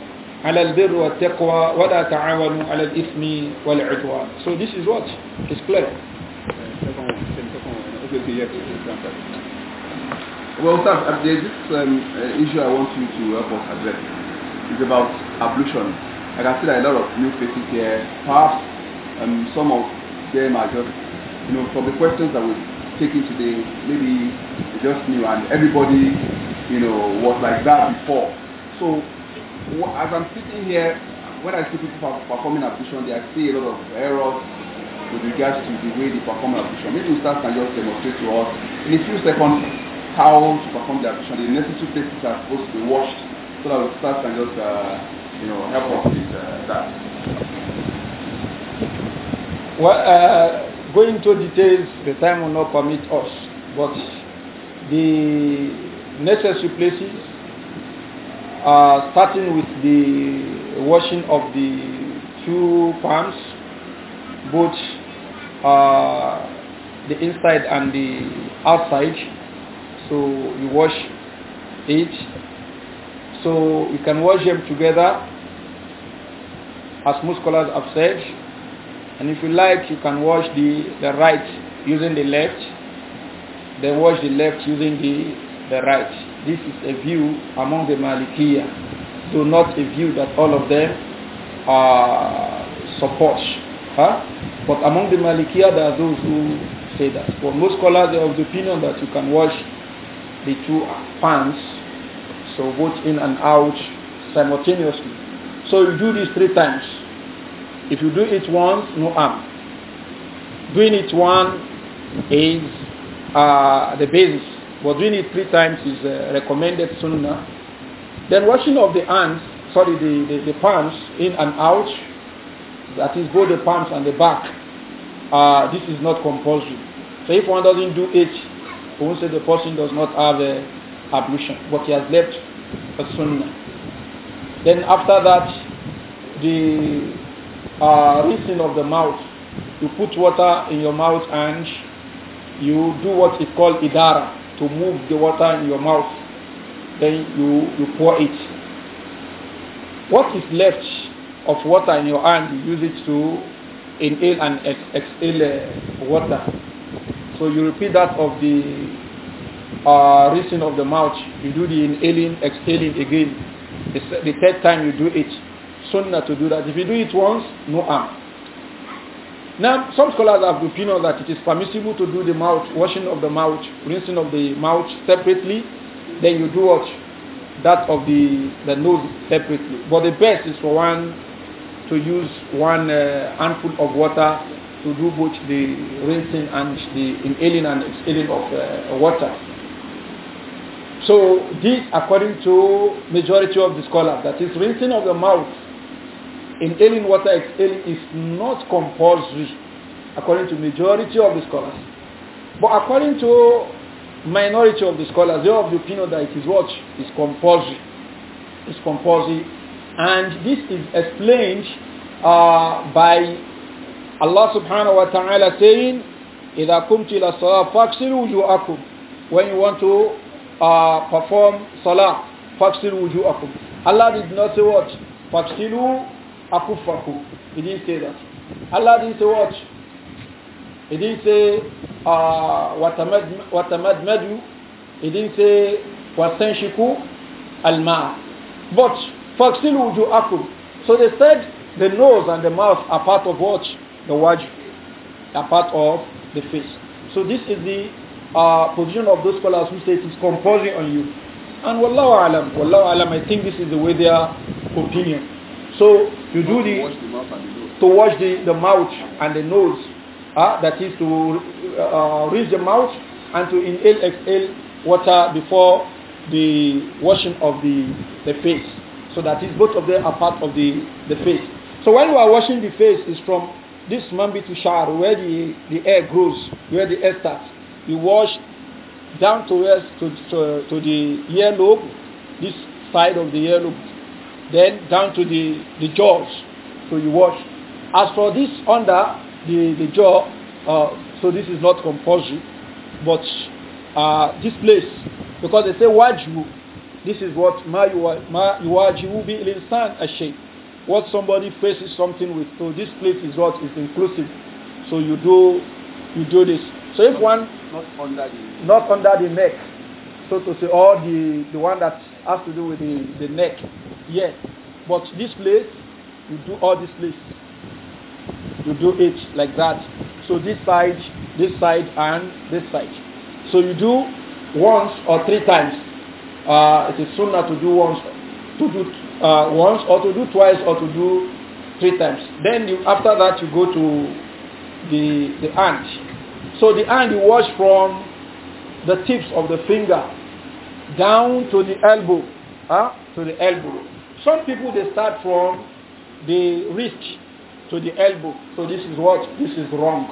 [SPEAKER 1] على البر والتقوى ولا تعاونوا على الإثم
[SPEAKER 2] والعدوان so this is what is clear Well, sir, uh, there's this um, uh, issue I want you to help us address. It's about ablution. I can see that a lot of new faces here. Perhaps um, some of them are just, you know, from the questions that we are taking today, maybe just new and everybody you know, was like that before. So as I'm sitting here, when I see people performing ablution, I see a lot of errors with regards to the way they perform ablution. Maybe Ustaz can just demonstrate to us in a few seconds how to perform the ablution. The necessary places are supposed to be washed so that Ustaz can just, uh, you know, help us with uh, that.
[SPEAKER 1] Well, uh, going into details, the time will not permit us, but the necessary places, uh, starting with the washing of the two palms, both uh, the inside and the outside. So you wash it. So you can wash them together, as most scholars have said. And if you like, you can wash the, the right using the left, then wash the left using the the right. This is a view among the Malikiya, Do not a view that all of them are support. Huh? But among the Malikiya, there are those who say that. But most scholars are of the opinion that you can wash the two pants, so both in and out simultaneously. So you do this three times. If you do it once, no harm. Doing it one is uh, the basis but doing it three times is uh, recommended sunnah. Then washing of the hands, sorry, the, the, the, palms in and out, that is both the palms and the back, uh, this is not compulsory. So if one doesn't do it, one won't say the person does not have a uh, ablution, but he has left a sunnah. Then after that, the uh, rinsing of the mouth, you put water in your mouth and you do what is called idara to move the water in your mouth. Then you, you pour it. What is left of water in your hand, you use it to inhale and exhale uh, water. So you repeat that of the uh, rinsing of the mouth. You do the inhaling, exhaling again. The, third time you do it. Sunnah to do that. If you do it once, no harm. Now, some scholars have the opinion that it is permissible to do the mouth, washing of the mouth, rinsing of the mouth separately. Then you do what? That of the, the nose separately. But the best is for one to use one uh, handful of water to do both the rinsing and the inhaling and exhaling of uh, water. So this according to majority of the scholars, that is rinsing of the mouth inhaling water exhaling is not compulsory according to majority of the scholars. But according to minority of the scholars, they are the opinion that it is what is compulsory. Is compulsory. And this is explained uh, by Allah subhanahu wa ta'ala saying, إِذَا كُمْتِ إِلَى الصَّلَاةِ فَاكْسِلُوا وُجُوءَكُمْ When you want to uh, perform salah, فَاكْسِلُوا وُجُوءَكُمْ Allah did not say what? فَاكْسِلُوا akufahu. He didn't say that. Allah didn't say what? He didn't say uh, watamadmadu. He didn't say wasanshiku alma. But faksilu wujuakum. So they said the nose and the mouth are part of what? The wajh. Are part of the face. So this is the uh, position of those scholars who say it is composing on you. And wallahu alam, wallahu alam, I think this is the way their opinion. So you do the, to wash the, the mouth and the nose. Uh, that is to uh, rinse the mouth and to inhale, exhale water before the washing of the, the face. So that is both of them are part of the, the face. So when we are washing the face, is from this mambi to shower where the, the air grows, where the air starts. You wash down to, to, to, to the earlobe, this side of the earlobe then down to the, the jaws. So you wash. As for this under the, the jaw, uh, so this is not compulsory, but uh, this place, because they say wajhu, this is what ma yuwajihu bi insan ashay. What somebody faces something with, so this place is what is inclusive. So you do, you do this. So if one not under the not under the neck, so to say, or the the one that has to do with the, the neck, Yes. But this place, you do all this place. You do it like that. So this side, this side, and this side. So you do once or three times. Uh, it is sooner to do once, to do uh, once or to do twice or to do three times. Then you, after that you go to the the hand. So the hand you wash from the tips of the finger down to the elbow, huh? to the elbow. Some people they start from the wrist to the elbow. So this is what? This is wrong.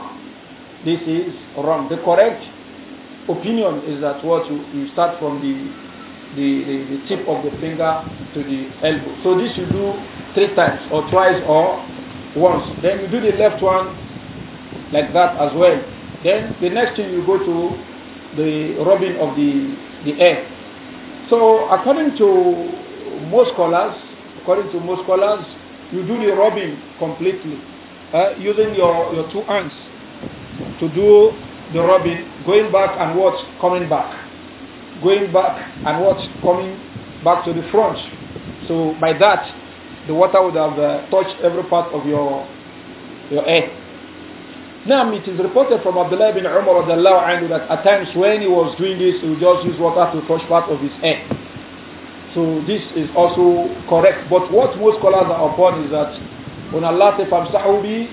[SPEAKER 1] This is wrong. The correct opinion is that what you, you start from the the, the, the tip of the finger to the elbow. So this you do three times or twice or once. Then you do the left one like that as well. Then the next thing you go to the rubbing of the, the air. So according to most scholars, according to most scholars, you do the rubbing completely, uh, using your, your two hands to do the rubbing, going back and what? Coming back. Going back and what? Coming back to the front. So by that, the water would have uh, touched every part of your, your head. Now it is reported from Abdullah bin Umar that at times when he was doing this, he would just use water to touch part of his head. So this is also correct. But what most scholars are upon is that when Allah says, فَامْسَحُوا بِي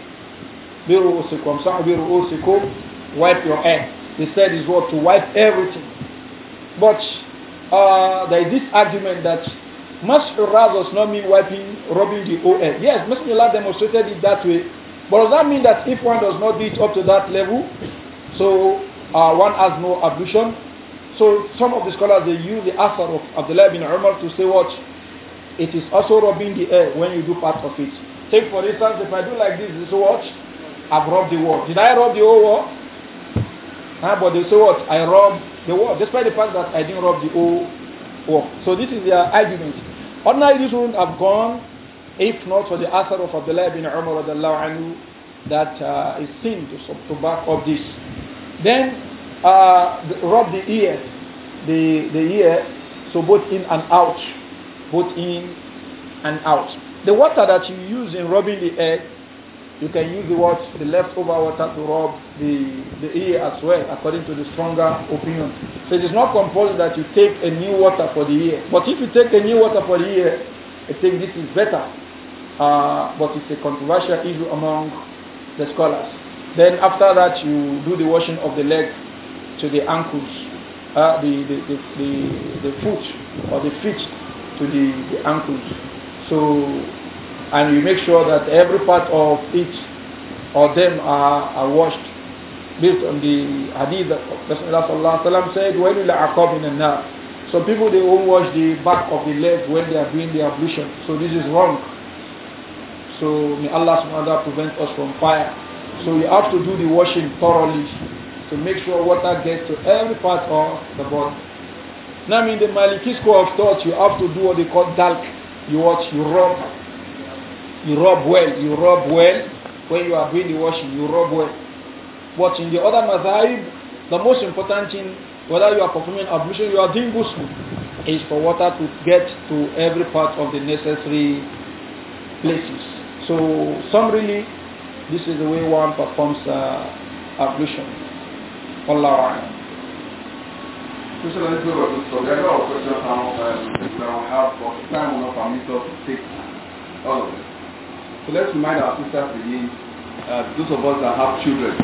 [SPEAKER 1] بِرُؤُسِكُمْ Wipe your hair. He said is what? To wipe everything. But uh, there is this argument that Mas'urah does not mean wiping, rubbing the whole hair. Yes, Allah demonstrated it that way. But does that mean that if one does not do it up to that level, so uh, one has no ablution? So some of the scholars they use the asar of Abdullah bin Umar to say what? It is also rubbing the air when you do part of it. Take for instance, if I do like this, this is what? I've rubbed the wall. Did I rub the whole wall? Huh? But they say what? I rubbed the wall, despite the fact that I didn't rub the whole wall. So this is their argument. Ordinarily, this wouldn't have gone if not for the asar of Abdullah bin Umar anhu, that uh, is seen to, to back up this. Then uh, the, rub the ear the, the ear, so both in and out, both in and out. The water that you use in rubbing the ear, you can use the what the leftover water to rub the, the ear as well, according to the stronger opinion. So it is not compulsory that you take a new water for the ear. But if you take a new water for the ear, I think this is better. Uh, but it's a controversial issue among the scholars. Then after that, you do the washing of the legs to the ankles uh, the, the, the, the, the foot or the feet to the, the ankles. So, and you make sure that every part of it or them are, are washed based on the hadith that Rasulullah said, in the النَّارِ So people, they won't wash the back of the leg when they are doing the ablution. So this is wrong. So may Allah subhanahu wa ta'ala prevent us from fire. So you have to do the washing thoroughly to make sure water gets to every part of the body. Now, in the Maliki school of thought, you have to do what they call dalk. You watch, you rub, you rub well, you rub well. When you are doing the washing, you rub well. But in the other mazahib, the most important thing, whether you are performing ablution, you are doing ghusl, is for water to get to every part of the necessary places. So, summarily, this is the way one performs uh, ablution. والله أعلم
[SPEAKER 2] Especially for the so there are a lot of questions around uh, how for time will not permit us to take all of it. So let's remind our sisters again, eh, those of us that have children.